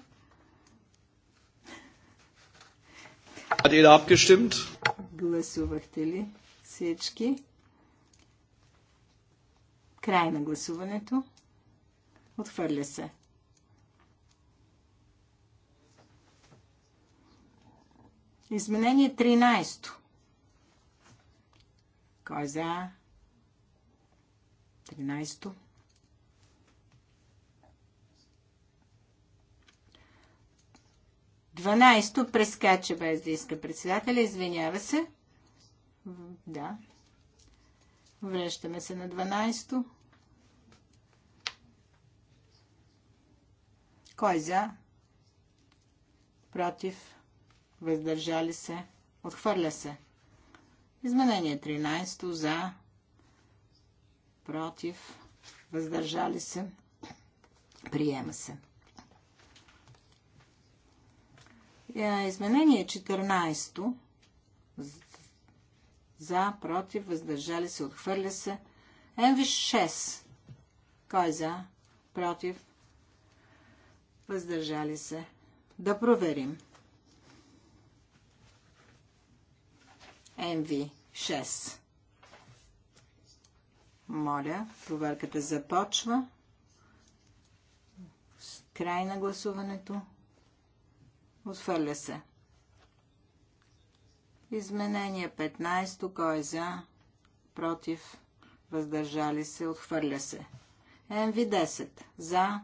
Гласувахте ли всички? Край на гласуването. Отхвърля се. Изменение 13. Кой е за? 13. Дванайсто прескача без да иска председателя. Извинява се. Да. Връщаме се на 12-то. Кой е за? Против. Въздържали се. Отхвърля се. Изменение 13 за. Против. Въздържали се. Приема се. Е, изменение 14 за, против, въздържали се, отхвърля се. МВ 6. Кой е за? Против, въздържали се. Да проверим. MV6. Моля, проверката започва. С край на гласуването. Отвърля се. Изменение 15. Кой е за? Против? Въздържали се? Отхвърля се. МВ10. За?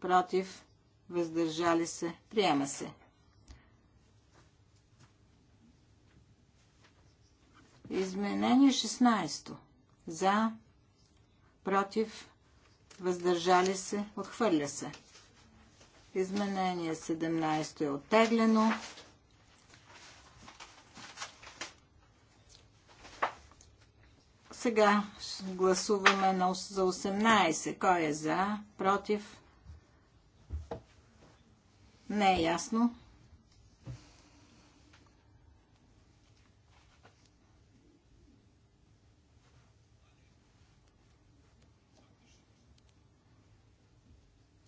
Против? въздържали се, приема се. Изменение 16. За, против, въздържали се, отхвърля се. Изменение 17 е оттеглено. Сега гласуваме за 18. Кой е за, против, не е ясно.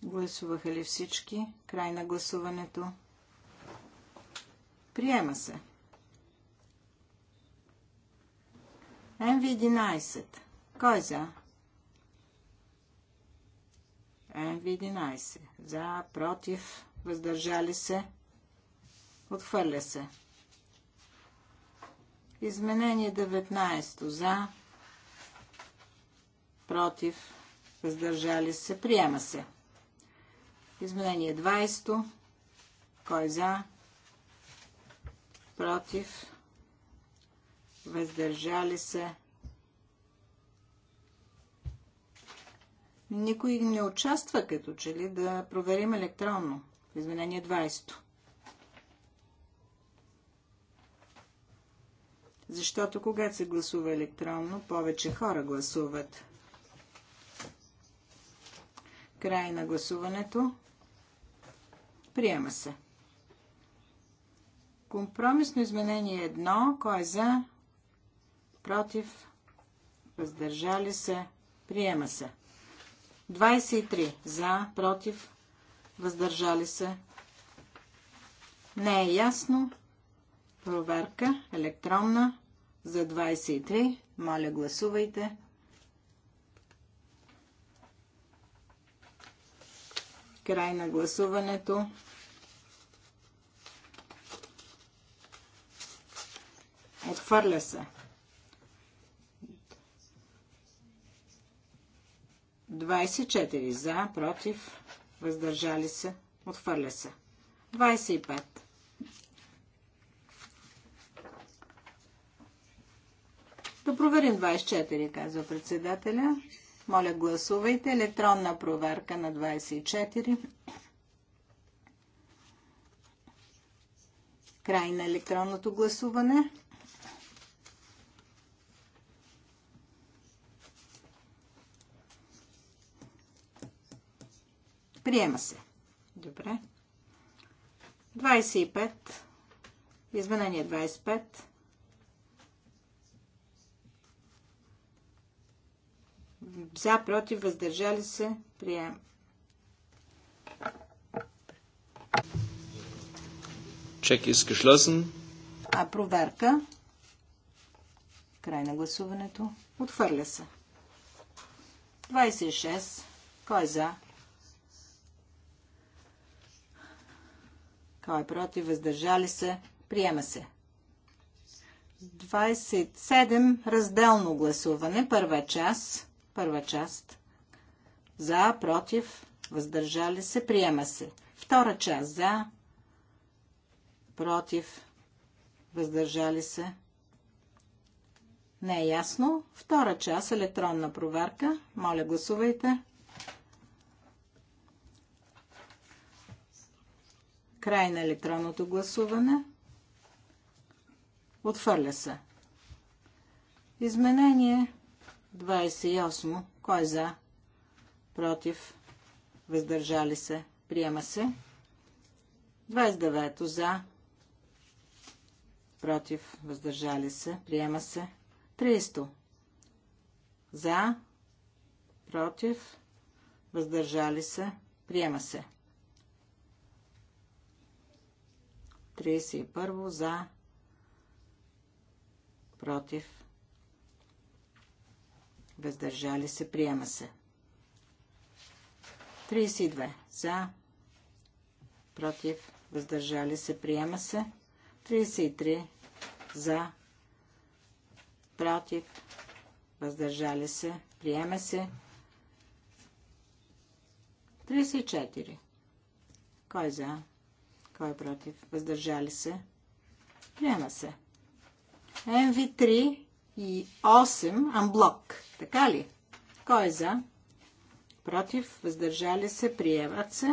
Гласуваха ли всички? Край на гласуването. Приема се. mv 11 Кой е за? mv 11 За, против въздържали се, отхвърля се. Изменение 19 за, против, въздържали се, приема се. Изменение 20, кой за, против, въздържали се. Никой не участва като че ли да проверим електронно. Изменение 20. Защото когато се гласува електронно, повече хора гласуват. Край на гласуването. Приема се. Компромисно изменение 1. Кой е за? Против? Въздържали се? Приема се. 23. За? Против? въздържали се. Не е ясно. Проверка електронна за 23. Моля, гласувайте. Край на гласуването. Отхвърля се. 24 за, против въздържали се, отхвърля се. 25. Да проверим 24, казва председателя. Моля, гласувайте. Електронна проверка на 24. Край на електронното гласуване. Приема се. Добре. 25. Изменение 25. За, против, въздържали се. Прием. Чек ist е geschlossen. А проверка. Край на гласуването. Отхвърля се. 26. Кой е за? Кой е против? Въздържали се? Приема се. 27. Разделно гласуване. Първа част. Първа част. За, против, въздържали се, приема се. Втора част. За, против, въздържали се. Не е ясно. Втора част. Електронна проверка. Моля, гласувайте. Край на електронното гласуване. Отхвърля се. Изменение 28. Кой е за? Против. Въздържали се. Приема се. 29 за. Против. Въздържали се. Приема се. 300. За. Против. Въздържали се. Приема се. 31 за, против, въздържали се, приема се. 32 за, против, въздържали се, приема се. 33 за, против, въздържали се, приема се. 34. Кой е за? Кой е против? Въздържали се. Приема се. mv 3 и 8 амблок. Така ли? Кой е за? Против? Въздържали се? Приемат се.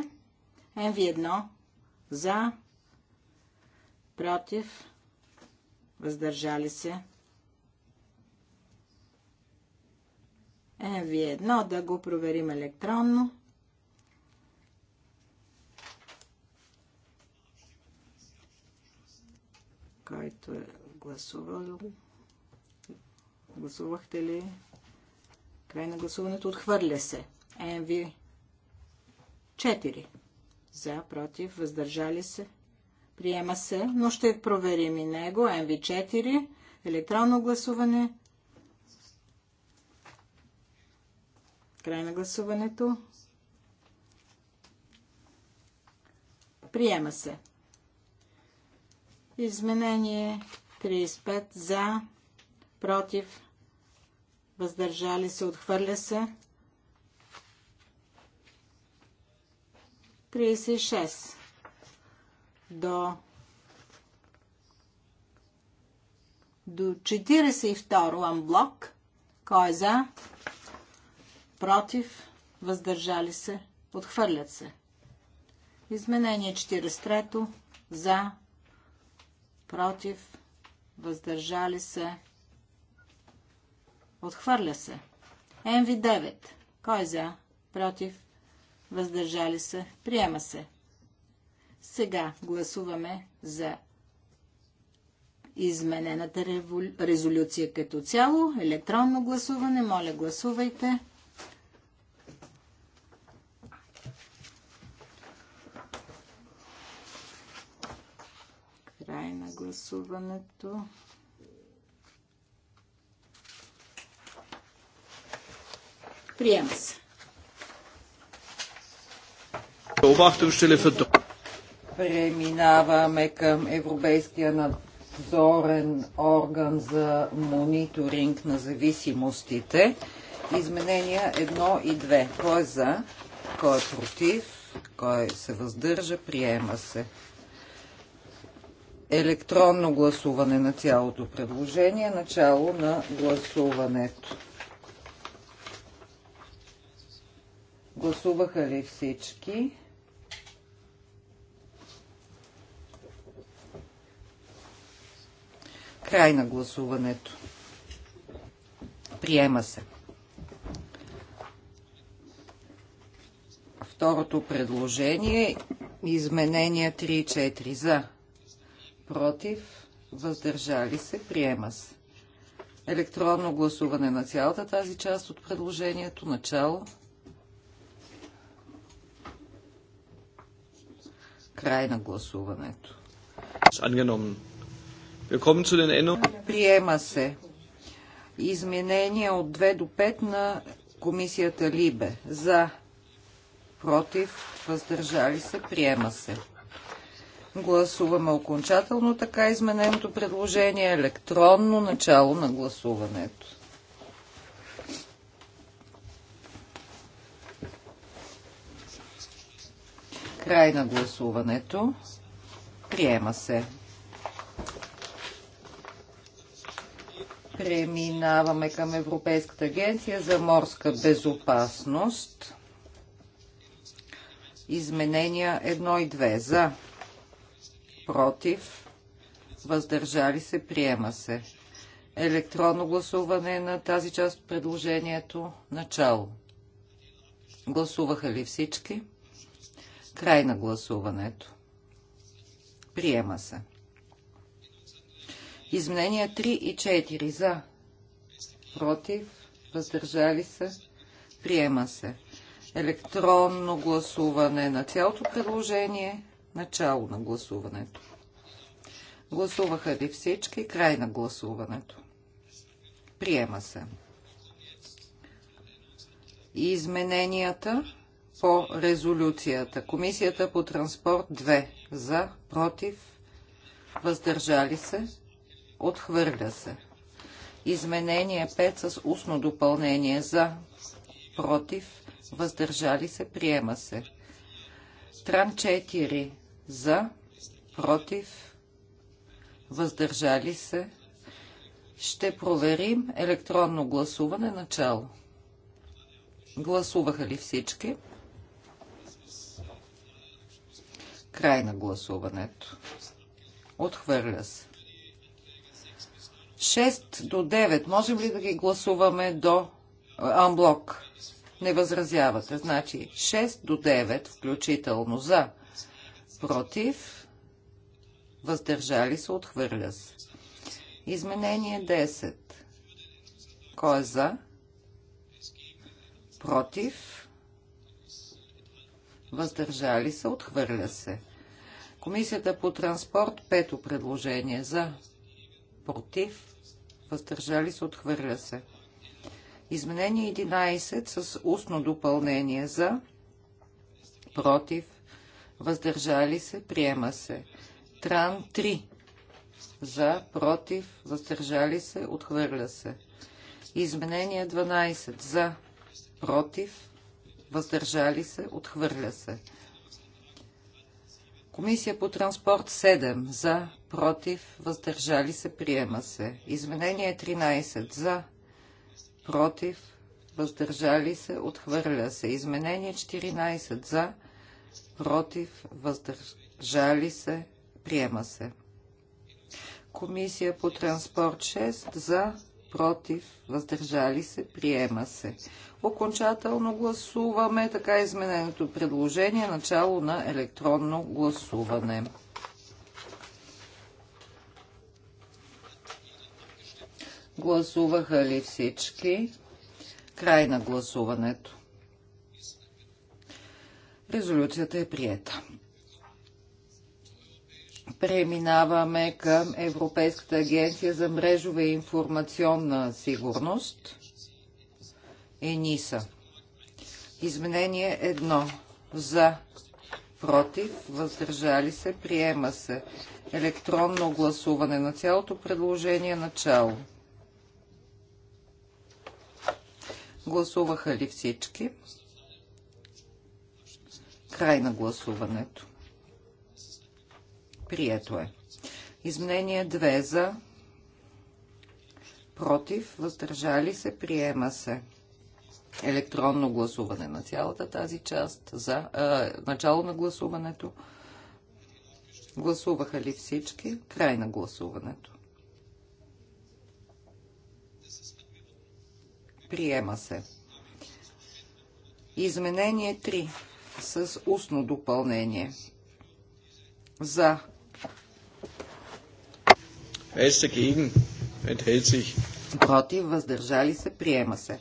mv 1 за. Против? Въздържали се. mv 1 да го проверим електронно. който е гласувал. Гласувахте ли? Край на гласуването отхвърля се. МВ 4. За, против, въздържали се. Приема се, но ще проверим и него. МВ4. Електронно гласуване. Край на гласуването. Приема се. Изменение 35 за, против, въздържали се, отхвърля се. 36 до до 42 амблок. Кой е за? Против? Въздържали се? Отхвърлят се. Изменение 43 за? против, въздържали се, отхвърля се. МВ9. Кой е за? Против, въздържали се, приема се. Сега гласуваме за изменената резолюция като цяло. Електронно гласуване. Моля, гласувайте. Край на гласуването. Приема се. Е Преминаваме към Европейския надзорен орган за мониторинг на зависимостите. Изменения 1 и 2. Кой е за? Кой е против? Кой се въздържа? Приема се електронно гласуване на цялото предложение, начало на гласуването. Гласуваха ли всички? Край на гласуването. Приема се. Второто предложение изменения 3 и 4 за против, въздържали се, приема се. Електронно гласуване на цялата тази част от предложението. Начало. Край на гласуването. Приема се. Изменения от 2 до 5 на комисията Либе. За, против, въздържали се, приема се. Гласуваме окончателно така измененото предложение, електронно начало на гласуването. Край на гласуването. Приема се. Преминаваме към Европейската агенция за морска безопасност. Изменения 1 и 2. За против, въздържали се, приема се. Електронно гласуване на тази част от предложението начало. Гласуваха ли всички? Край на гласуването. Приема се. Изменения 3 и 4 за. Против. Въздържали се. Приема се. Електронно гласуване на цялото предложение. Начало на гласуването. Гласуваха ли всички? Край на гласуването. Приема се. измененията по резолюцията. Комисията по транспорт 2. За, против, въздържали се, отхвърля се. Изменение 5 с устно допълнение за, против, въздържали се, приема се. Тран 4 за, против, въздържали се. Ще проверим електронно гласуване начало. Гласуваха ли всички? Край на гласуването. Отхвърля се. 6 до 9. Можем ли да ги гласуваме до Анблок? Не възразявате. Значи 6 до 9 включително за против, въздържали се, отхвърля се. Изменение 10. Кой е за? Против, въздържали се, отхвърля се. Комисията по транспорт, пето предложение за, против, въздържали се, отхвърля се. Изменение 11 с устно допълнение за, против, въздържали се, приема се. Тран 3 за, против, въздържали се, отхвърля се. Изменение 12 за, против, въздържали се, отхвърля се. Комисия по транспорт 7 за, против, въздържали се, приема се. Изменение 13 за, против, въздържали се, отхвърля се. Изменение 14 за, против, против, въздържали се, приема се. Комисия по транспорт 6 за, против, въздържали се, приема се. Окончателно гласуваме така измененото предложение, начало на електронно гласуване. Гласуваха ли всички? Край на гласуването. Резолюцията е приета. Преминаваме към Европейската агенция за мрежова и информационна сигурност. ЕНИСА. Изменение едно. За. Против. Въздържали се. Приема се. Електронно гласуване на цялото предложение начало. Гласуваха ли всички? Всички. Край на гласуването. Прието е. Изменение 2 за. Против. Въздържали се. Приема се. Електронно гласуване на цялата тази част. За. Е, начало на гласуването. Гласуваха ли всички? Край на гласуването. Приема се. Изменение 3 с устно допълнение. За. Против, въздържали се, приема се.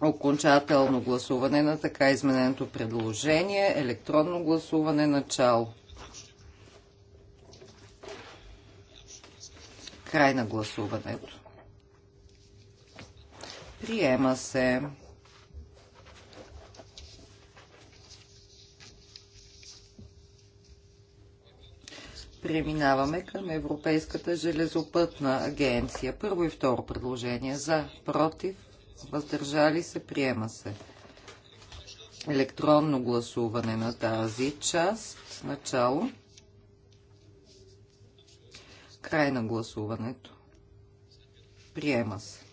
Окончателно гласуване на така измененото предложение, електронно гласуване начало. Край на гласуването. Приема се. Преминаваме към Европейската железопътна агенция. Първо и второ предложение. За, против, въздържали се, приема се. Електронно гласуване на тази част. Начало. Край на гласуването. Приема се.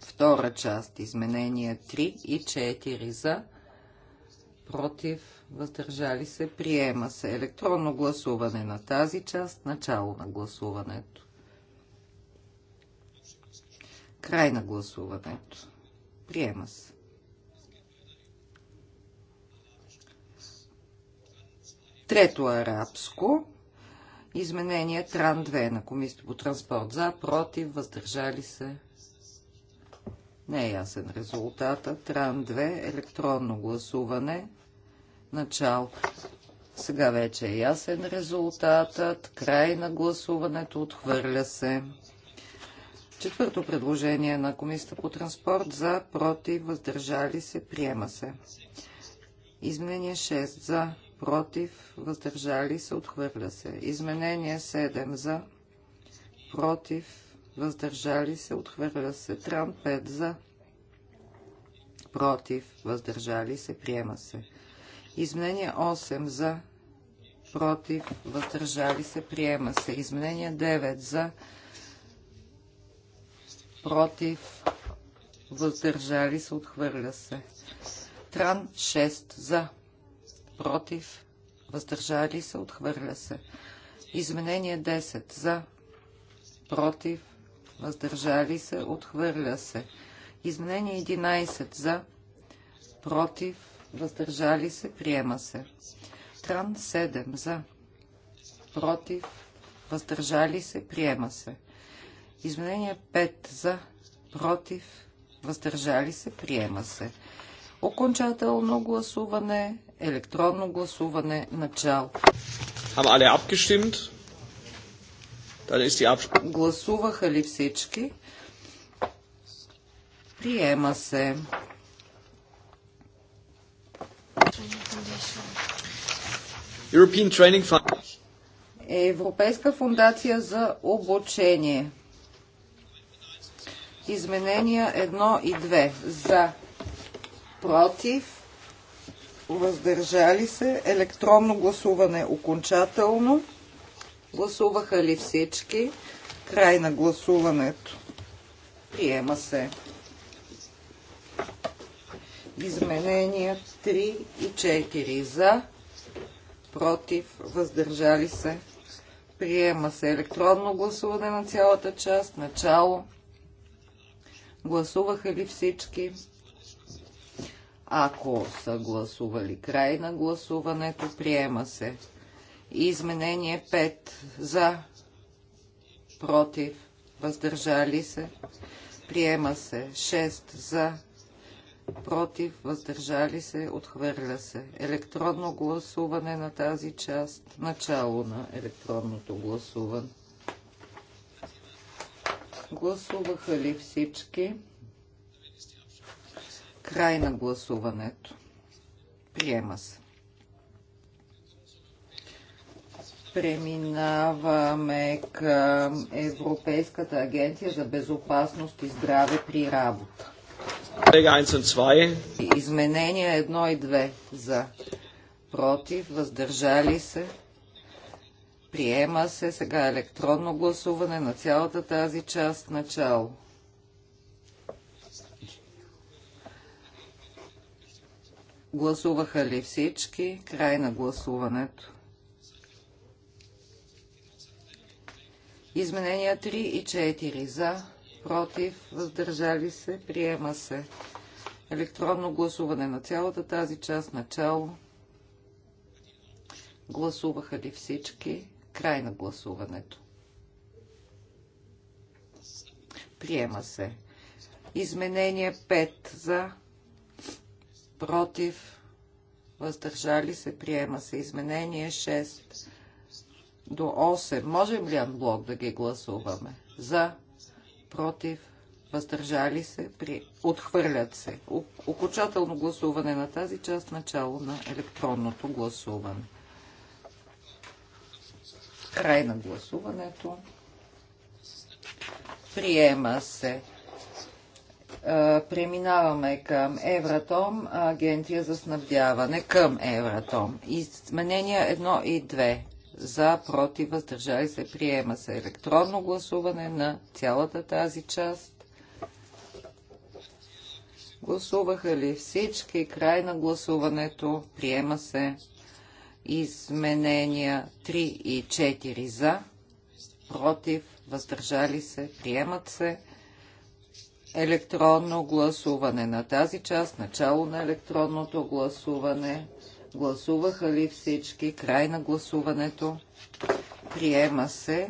Втора част. Изменения 3 и 4 за, против, въздържали се, приема се. Електронно гласуване на тази част, начало на гласуването. Край на гласуването. Приема се. Трето арабско. Изменение Тран 2 на Комисията по транспорт. За, против, въздържали се. Не е ясен резултата. Тран 2. Електронно гласуване начало. Сега вече е ясен резултатът. Край на гласуването. Отхвърля се. Четвърто предложение на Комисията по транспорт за против, въздържали се, приема се. Изменение 6 за против, въздържали се, отхвърля се. Изменение 7 за против, въздържали се, отхвърля се. Трам 5 за против, въздържали се, приема се. Изменение 8 за, против, въздържали се, приема се. Изменение 9 за, против, въздържали се, отхвърля се. Тран 6 за, против, въздържали се, отхвърля се. Изменение 10 за, против, въздържали се, отхвърля се. Изменение 11 за, против, въздържали се, приема се. Тран 7 за, против, въздържали се, приема се. Изменение 5 за, против, въздържали се, приема се. Окончателно гласуване, електронно гласуване, начало. Haben alle abgestimmt? Dann ist die Гласуваха ли всички? Приема се. European Training Fund. Европейска фундация за обучение. Изменения 1 и 2. За. Против. Въздържали се. Електронно гласуване окончателно. Гласуваха ли всички? Край на гласуването. Приема се. Изменения 3 и 4. За против, въздържали се. Приема се електронно гласуване на цялата част, начало. Гласуваха ли всички? Ако са гласували край на гласуването, приема се. Изменение 5 за, против, въздържали се. Приема се 6 за, против, въздържали се, отхвърля се. Електронно гласуване на тази част, начало на електронното гласуване. Гласуваха ли всички? Край на гласуването. Приема се. Преминаваме към Европейската агенция за безопасност и здраве при работа. Изменения 1 и 2 за против, въздържали се. Приема се сега електронно гласуване на цялата тази част начало. Гласуваха ли всички? Край на гласуването. Изменения 3 и 4 за против, въздържали се, приема се. Електронно гласуване на цялата тази част, начало. Гласуваха ли всички? Край на гласуването. Приема се. Изменение 5 за, против, въздържали се, приема се. Изменение 6 до 8. Можем ли анблок да ги гласуваме? За, против, въздържали се, при... отхвърлят се. Окончателно гласуване на тази част, начало на електронното гласуване. Край на гласуването. Приема се. Преминаваме към Евратом, агенция за снабдяване към Евратом. Изменения 1 и за, против, въздържали се, приема се. Електронно гласуване на цялата тази част. Гласуваха ли всички? Край на гласуването. Приема се. Изменения 3 и 4 за, против, въздържали се, приемат се. Електронно гласуване на тази част, начало на електронното гласуване. Гласуваха ли всички? Край на гласуването. Приема се.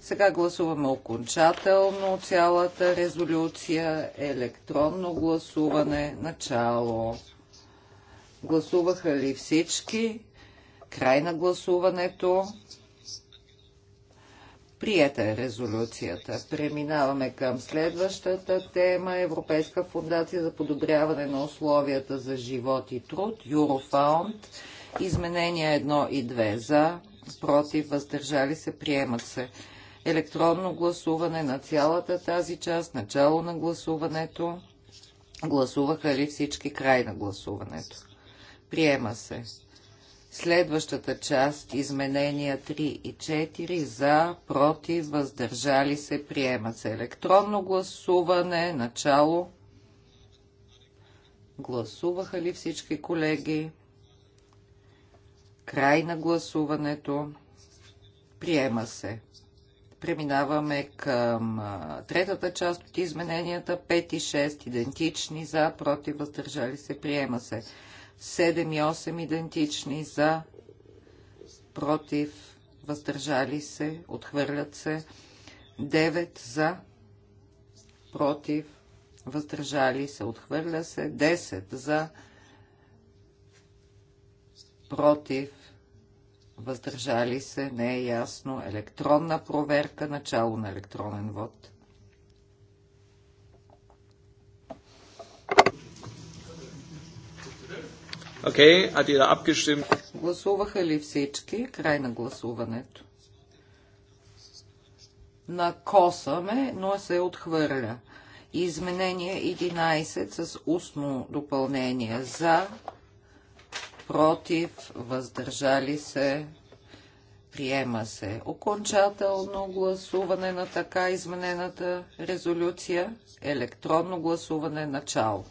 Сега гласуваме окончателно цялата резолюция. Електронно гласуване. Начало. Гласуваха ли всички? Край на гласуването. Прията е резолюцията. Преминаваме към следващата тема Европейска фундация за подобряване на условията за живот и труд, Юрофаунд. Изменения 1 и 2 за, против, въздържали се, приемат се. Електронно гласуване на цялата тази част, начало на гласуването. Гласуваха ли всички край на гласуването? Приема се. Следващата част, изменения 3 и 4, за, против, въздържали се, приема се. Електронно гласуване, начало. Гласуваха ли всички колеги? Край на гласуването. Приема се. Преминаваме към третата част от измененията. 5 и 6 идентични за, против, въздържали се, приема се. 7 и 8 идентични за, против, въздържали се, отхвърлят се, 9 за, против, въздържали се, отхвърля се, 10 за, против, въздържали се, не е ясно, електронна проверка, начало на електронен вод. а ти да апкиштим. Гласуваха ли всички? Край на гласуването. Накосаме, но се отхвърля. Изменение 11 с устно допълнение за, против, въздържали се, приема се. Окончателно гласуване на така изменената резолюция, електронно гласуване начало.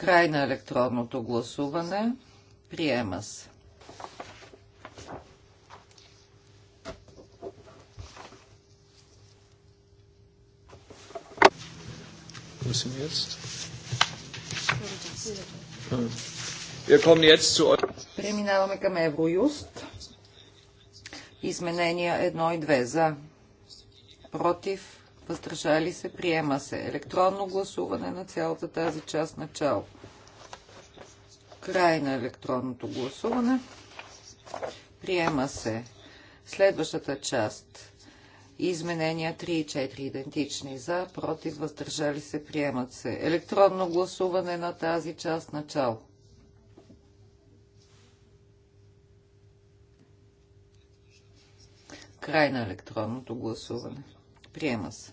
Край на електронното гласуване. Приема се. Hm. Преминаваме към Евроюст. Изменения 1 и 2 за. Против въздържали се, приема се. Електронно гласуване на цялата тази част начало. Край на електронното гласуване. Приема се. Следващата част. Изменения 3 и 4 идентични за, против, въздържали се, приемат се. Електронно гласуване на тази част начало. Край на електронното гласуване. Приема се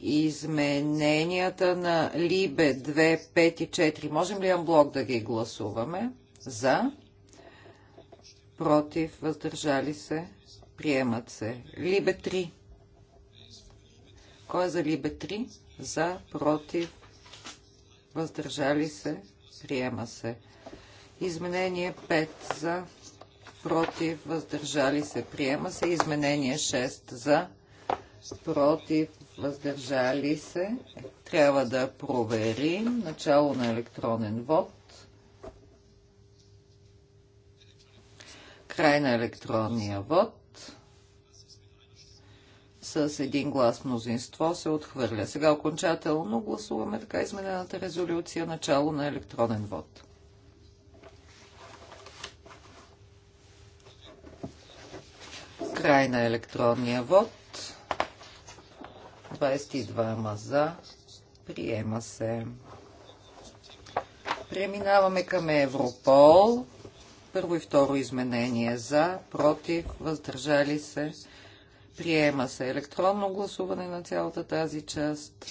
измененията на Либе 2, 5 и 4. Можем ли блок да ги гласуваме? За. Против. Въздържали се. Приемат се. Либе 3. Кой е за Либе 3? За. Против. Въздържали се. Приема се. Изменение 5 за. Против. Въздържали се. Приема се. Изменение 6 за. Против въздържали се. Трябва да проверим начало на електронен вод. Край на електронния вод. С един глас мнозинство се отхвърля. Сега окончателно гласуваме така изменената резолюция начало на електронен вод. Край на електронния вод. 22 за. Приема се. Преминаваме към Европол. Първо и второ изменение за, против, въздържали се. Приема се електронно гласуване на цялата тази част.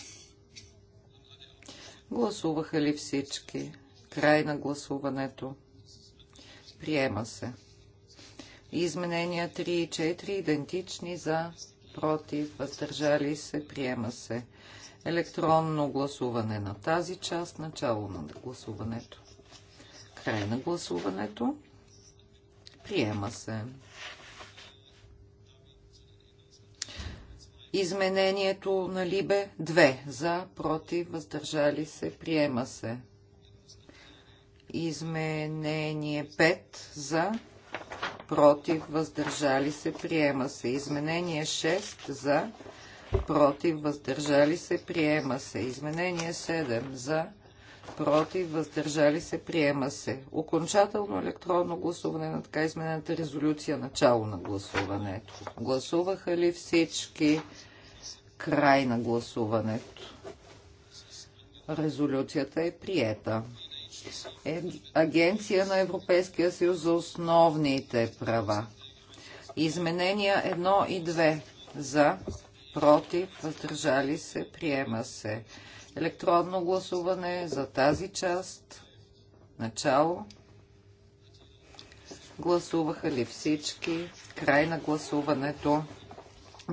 Гласуваха ли всички? Край на гласуването. Приема се. Изменения 3 и 4 идентични за, против, въздържали се, приема се. Електронно гласуване на тази част, начало на гласуването. Край на гласуването. Приема се. Изменението на Либе 2. За, против, въздържали се, приема се. Изменение 5. За, против, въздържали се, приема се. Изменение 6 за, против, въздържали се, приема се. Изменение 7 за, против, въздържали се, приема се. Окончателно електронно гласуване на така изменената резолюция, начало на гласуването. Гласуваха ли всички? Край на гласуването. Резолюцията е приета. Е Агенция на Европейския съюз за основните права. Изменения 1 и 2 за, против, въздържали се, приема се. Електронно гласуване за тази част. Начало. Гласуваха ли всички? Край на гласуването.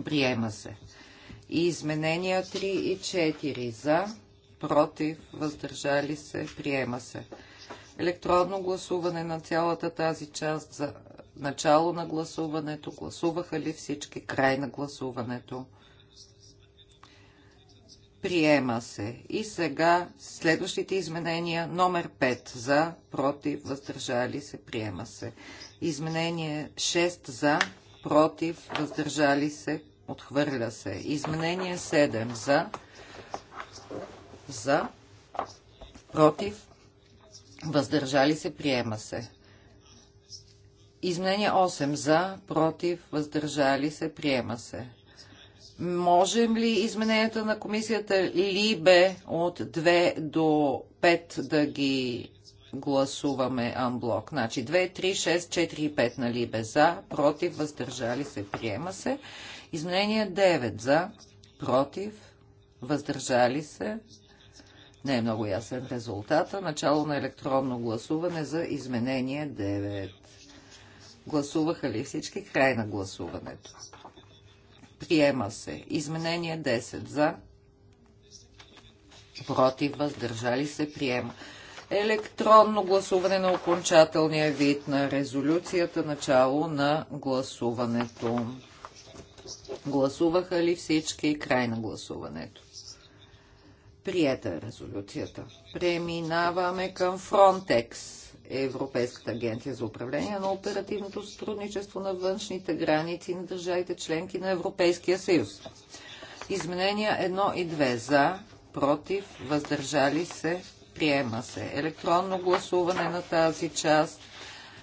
Приема се. И изменения 3 и 4 за, против, въздържали се, приема се. Електронно гласуване на цялата тази част за начало на гласуването, гласуваха ли всички край на гласуването. Приема се. И сега следващите изменения. Номер 5 за, против, въздържали се, приема се. Изменение 6 за, против, въздържали се, отхвърля се. Изменение 7 за, за, против, въздържали се, приема се. Изменение 8 за, против, въздържали се, приема се. Можем ли измененията на комисията Либе от 2 до 5 да ги гласуваме Анблок? Значи 2, 3, 6, 4 и 5 на Либе за, против, въздържали се, приема се. Изменение 9 за, против, въздържали се, не е много ясен резултата. Начало на електронно гласуване за изменение 9. Гласуваха ли всички? Край на гласуването. Приема се. Изменение 10 за. Против, въздържали се, приема. Електронно гласуване на окончателния вид на резолюцията. Начало на гласуването. Гласуваха ли всички? Край на гласуването. Прията е резолюцията. Преминаваме към Фронтекс. Европейската агенция за управление на оперативното сътрудничество на външните граници на държавите членки на Европейския съюз. Изменения 1 и 2 за, против, въздържали се, приема се. Електронно гласуване на тази част,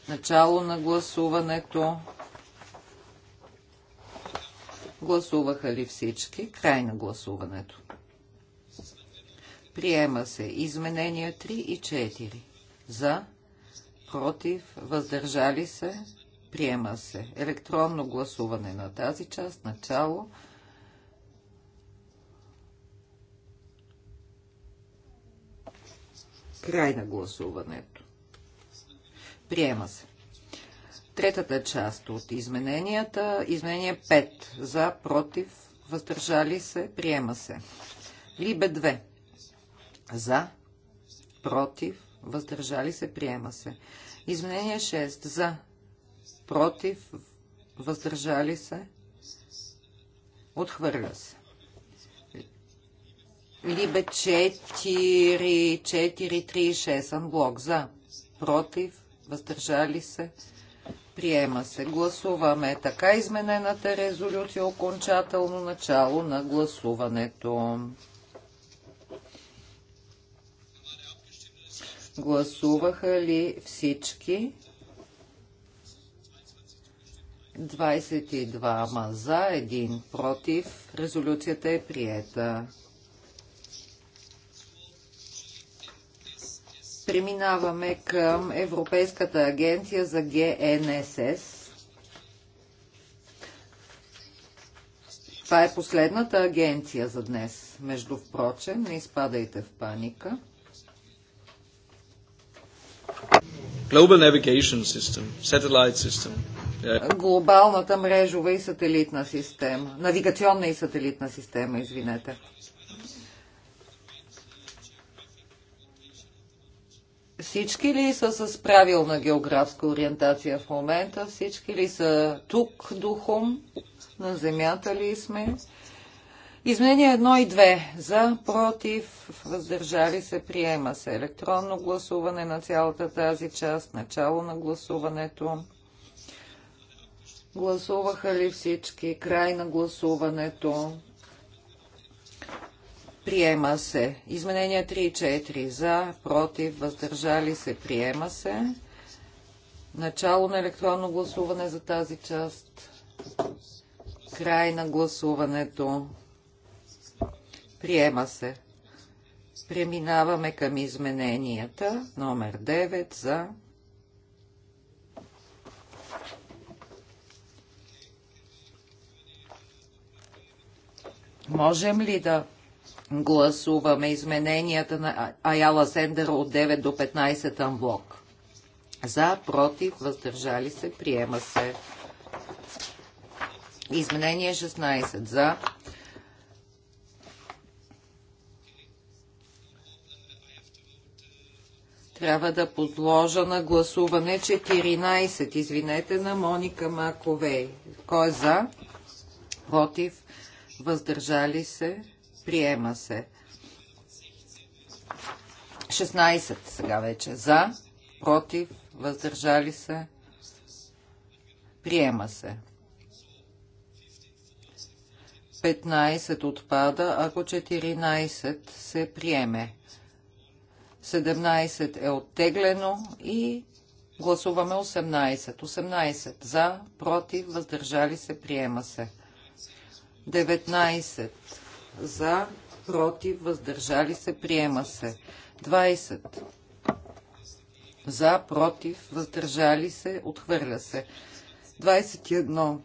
начало на гласуването. Гласуваха ли всички? Край на гласуването. Приема се изменения 3 и 4. За, против, въздържали се, приема се. Електронно гласуване на тази част, начало. Край на гласуването. Приема се. Третата част от измененията, изменение 5. За, против, въздържали се, приема се. Либе 2. За. Против. Въздържали се. Приема се. Изменение 6. За. Против. Въздържали се. Отхвърля се. Либе 4, 4, 3, 6. Анблок. За. Против. Въздържали се. Приема се. Гласуваме така изменената резолюция. Окончателно начало на гласуването. Гласуваха ли всички? 22 ма за, 1 против. Резолюцията е приета. Преминаваме към Европейската агенция за ГНСС. Това е последната агенция за днес. Между впрочем, не изпадайте в паника. Глобалната мрежова и сателитна система. Навигационна и сателитна система, извинете. Всички ли са с правилна географска ориентация в момента? Всички ли са тук духом? На земята ли сме? Изменение 1 и 2. За, против, въздържали се, приема се. Електронно гласуване на цялата тази част. Начало на гласуването. Гласуваха ли всички? Край на гласуването. Приема се. Изменения 3 и 4. За, против, въздържали се, приема се. Начало на електронно гласуване за тази част. Край на гласуването. Приема се. Преминаваме към измененията. Номер 9 за Можем ли да гласуваме измененията на Аяла Сендера от 9 до 15 анблок? За, против, въздържали се, приема се. Изменение 16. За, Трябва да подложа на гласуване 14, извинете, на Моника Маковей. Кой е за? Против? Въздържали се? Приема се. 16 сега вече. За? Против? Въздържали се? Приема се. 15 отпада, ако 14 се приеме. 17 е оттеглено и гласуваме 18. 18 за, против, въздържали се, приема се. 19 за, против, въздържали се, приема се. 20 за, против, въздържали се, отхвърля се. 21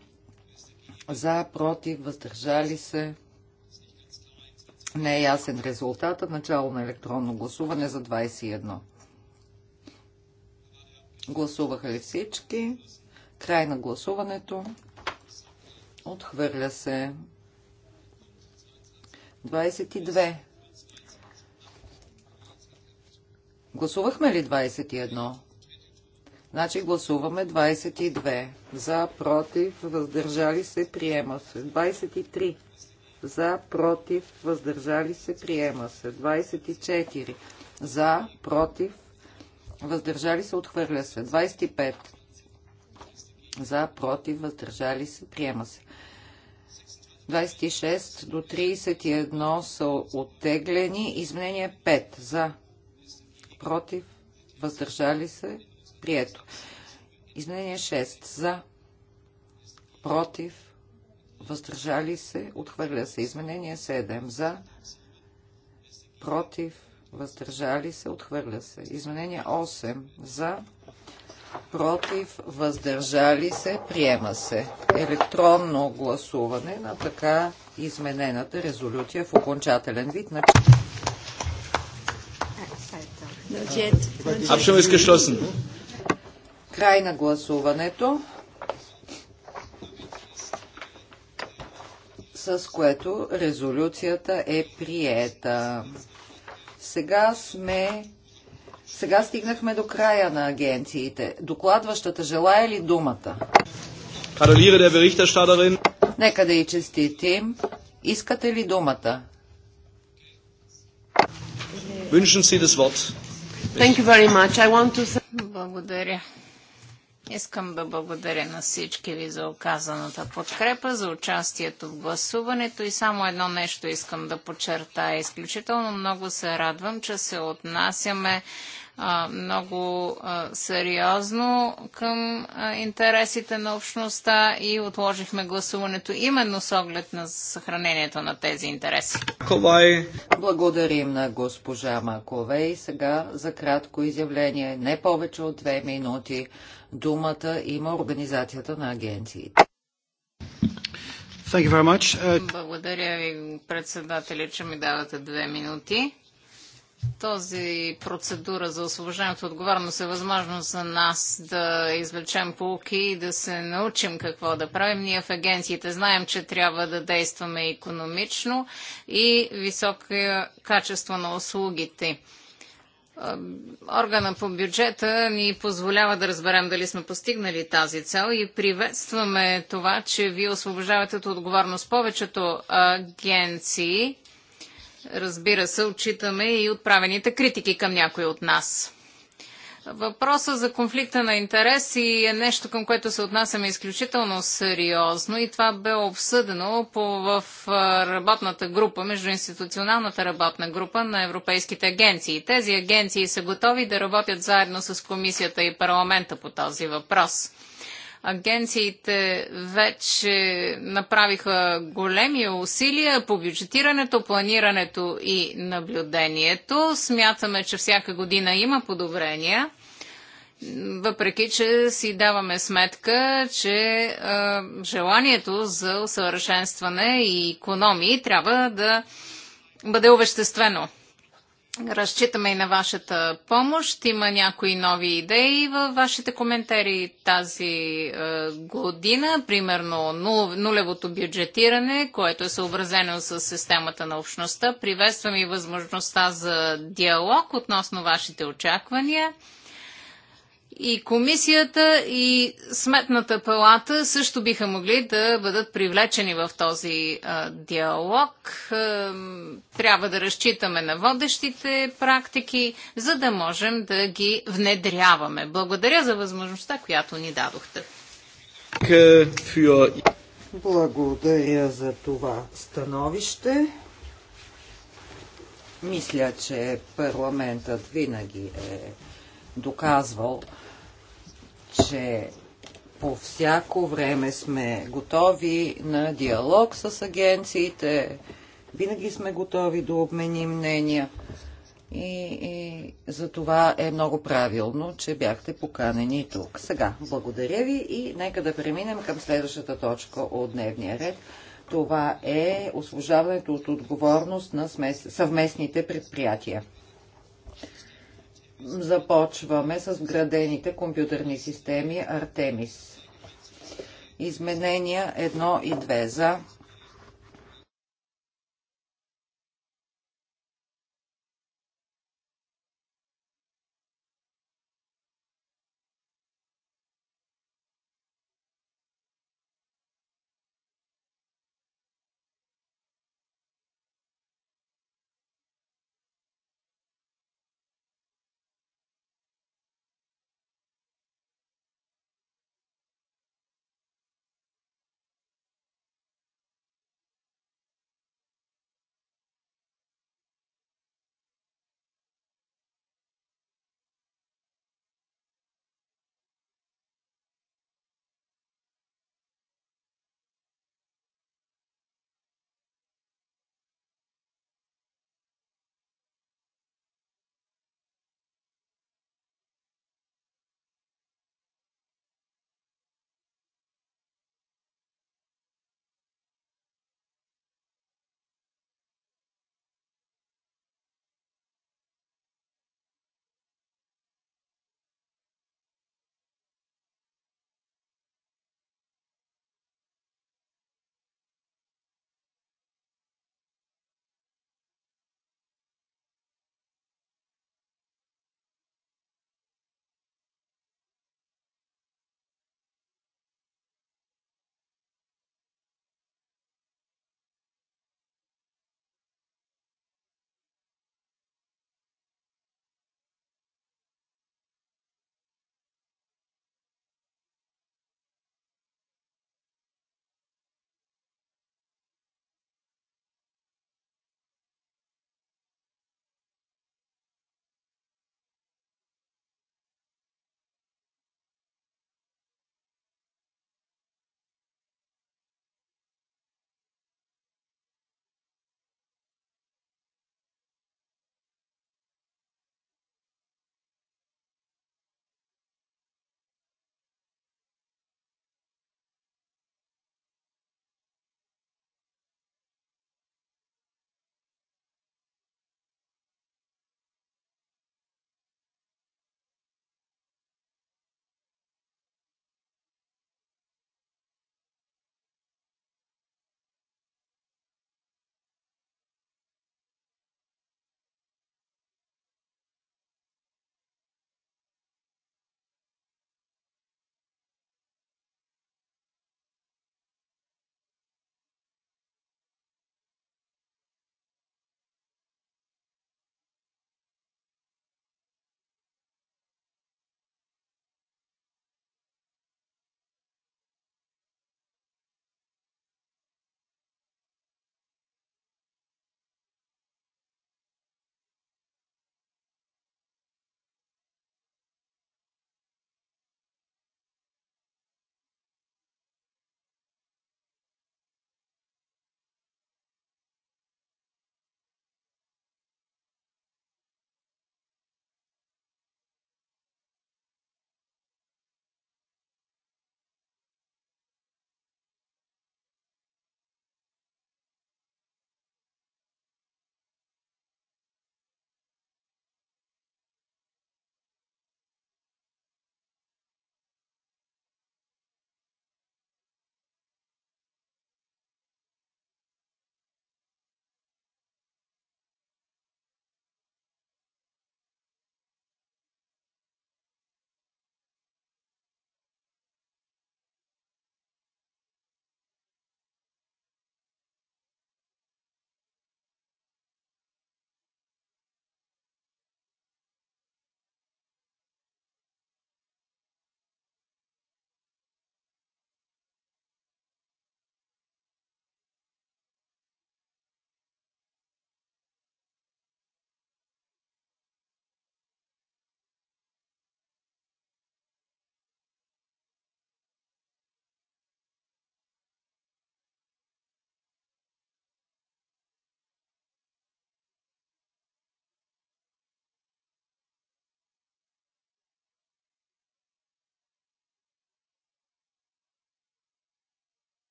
за, против, въздържали се, не е ясен резултата. Начало на електронно гласуване за 21. Гласуваха ли всички? Край на гласуването. Отхвърля се. 22. Гласувахме ли 21? Значи гласуваме 22. За, против, въздържали се, приема се. 23 за, против, въздържали се, приема се. 24 за, против, въздържали се, отхвърля се. 25 за, против, въздържали се, приема се. 26 до 31 са оттеглени. Изменение 5 за, против, въздържали се, прието. Изменение 6 за, против, въздържали се, отхвърля се. Изменение 7 за, против, въздържали се, отхвърля се. Изменение 8 за, против, въздържали се, приема се. Електронно гласуване на така изменената резолюция в окончателен вид на... Край на гласуването. с което резолюцията е приета. Сега сме сега стигнахме до края на агенциите. Докладващата желая ли думата? Нека да и честитим. Искате ли думата? Thank you very much. I want to... Благодаря. Искам да благодаря на всички ви за оказаната подкрепа, за участието в гласуването и само едно нещо искам да подчертая. Изключително много се радвам, че се отнасяме а, много а, сериозно към а, интересите на общността и отложихме гласуването именно с оглед на съхранението на тези интереси. Благодарим на госпожа Маковей. Сега за кратко изявление, не повече от две минути, думата има Организацията на агенциите. Uh, Благодаря ви, председателя, че ми давате две минути. Този процедура за освобождението е отговорност е възможно за нас да извлечем полки и да се научим какво да правим. Ние в агенциите знаем, че трябва да действаме економично и високо качество на услугите. Органа по бюджета ни позволява да разберем дали сме постигнали тази цел и приветстваме това, че вие освобождавате от отговорност повечето агенции Разбира се, отчитаме и отправените критики към някои от нас. Въпроса за конфликта на интереси е нещо, към което се отнасяме изключително сериозно и това бе обсъдено по, в работната група, междуинституционалната работна група на европейските агенции. Тези агенции са готови да работят заедно с комисията и парламента по този въпрос. Агенциите вече направиха големи усилия по бюджетирането, планирането и наблюдението. Смятаме, че всяка година има подобрения въпреки че си даваме сметка, че е, желанието за усъвършенстване и економии трябва да бъде увеществено. Разчитаме и на вашата помощ. Има някои нови идеи във вашите коментари тази е, година. Примерно нулевото бюджетиране, което е съобразено с системата на общността. Приветствам и възможността за диалог относно вашите очаквания. И комисията и сметната палата също биха могли да бъдат привлечени в този а, диалог. А, трябва да разчитаме на водещите практики, за да можем да ги внедряваме. Благодаря за възможността, която ни дадохте. Благодаря за това становище. Мисля, че парламентът винаги е доказвал, че по всяко време сме готови на диалог с агенциите, винаги сме готови да обменим мнения. И, и за това е много правилно, че бяхте поканени тук. Сега, благодаря ви и нека да преминем към следващата точка от дневния ред. Това е освобождаването от отговорност на съвместните предприятия. Започваме с градените компютърни системи Артемис. Изменения 1 и 2 за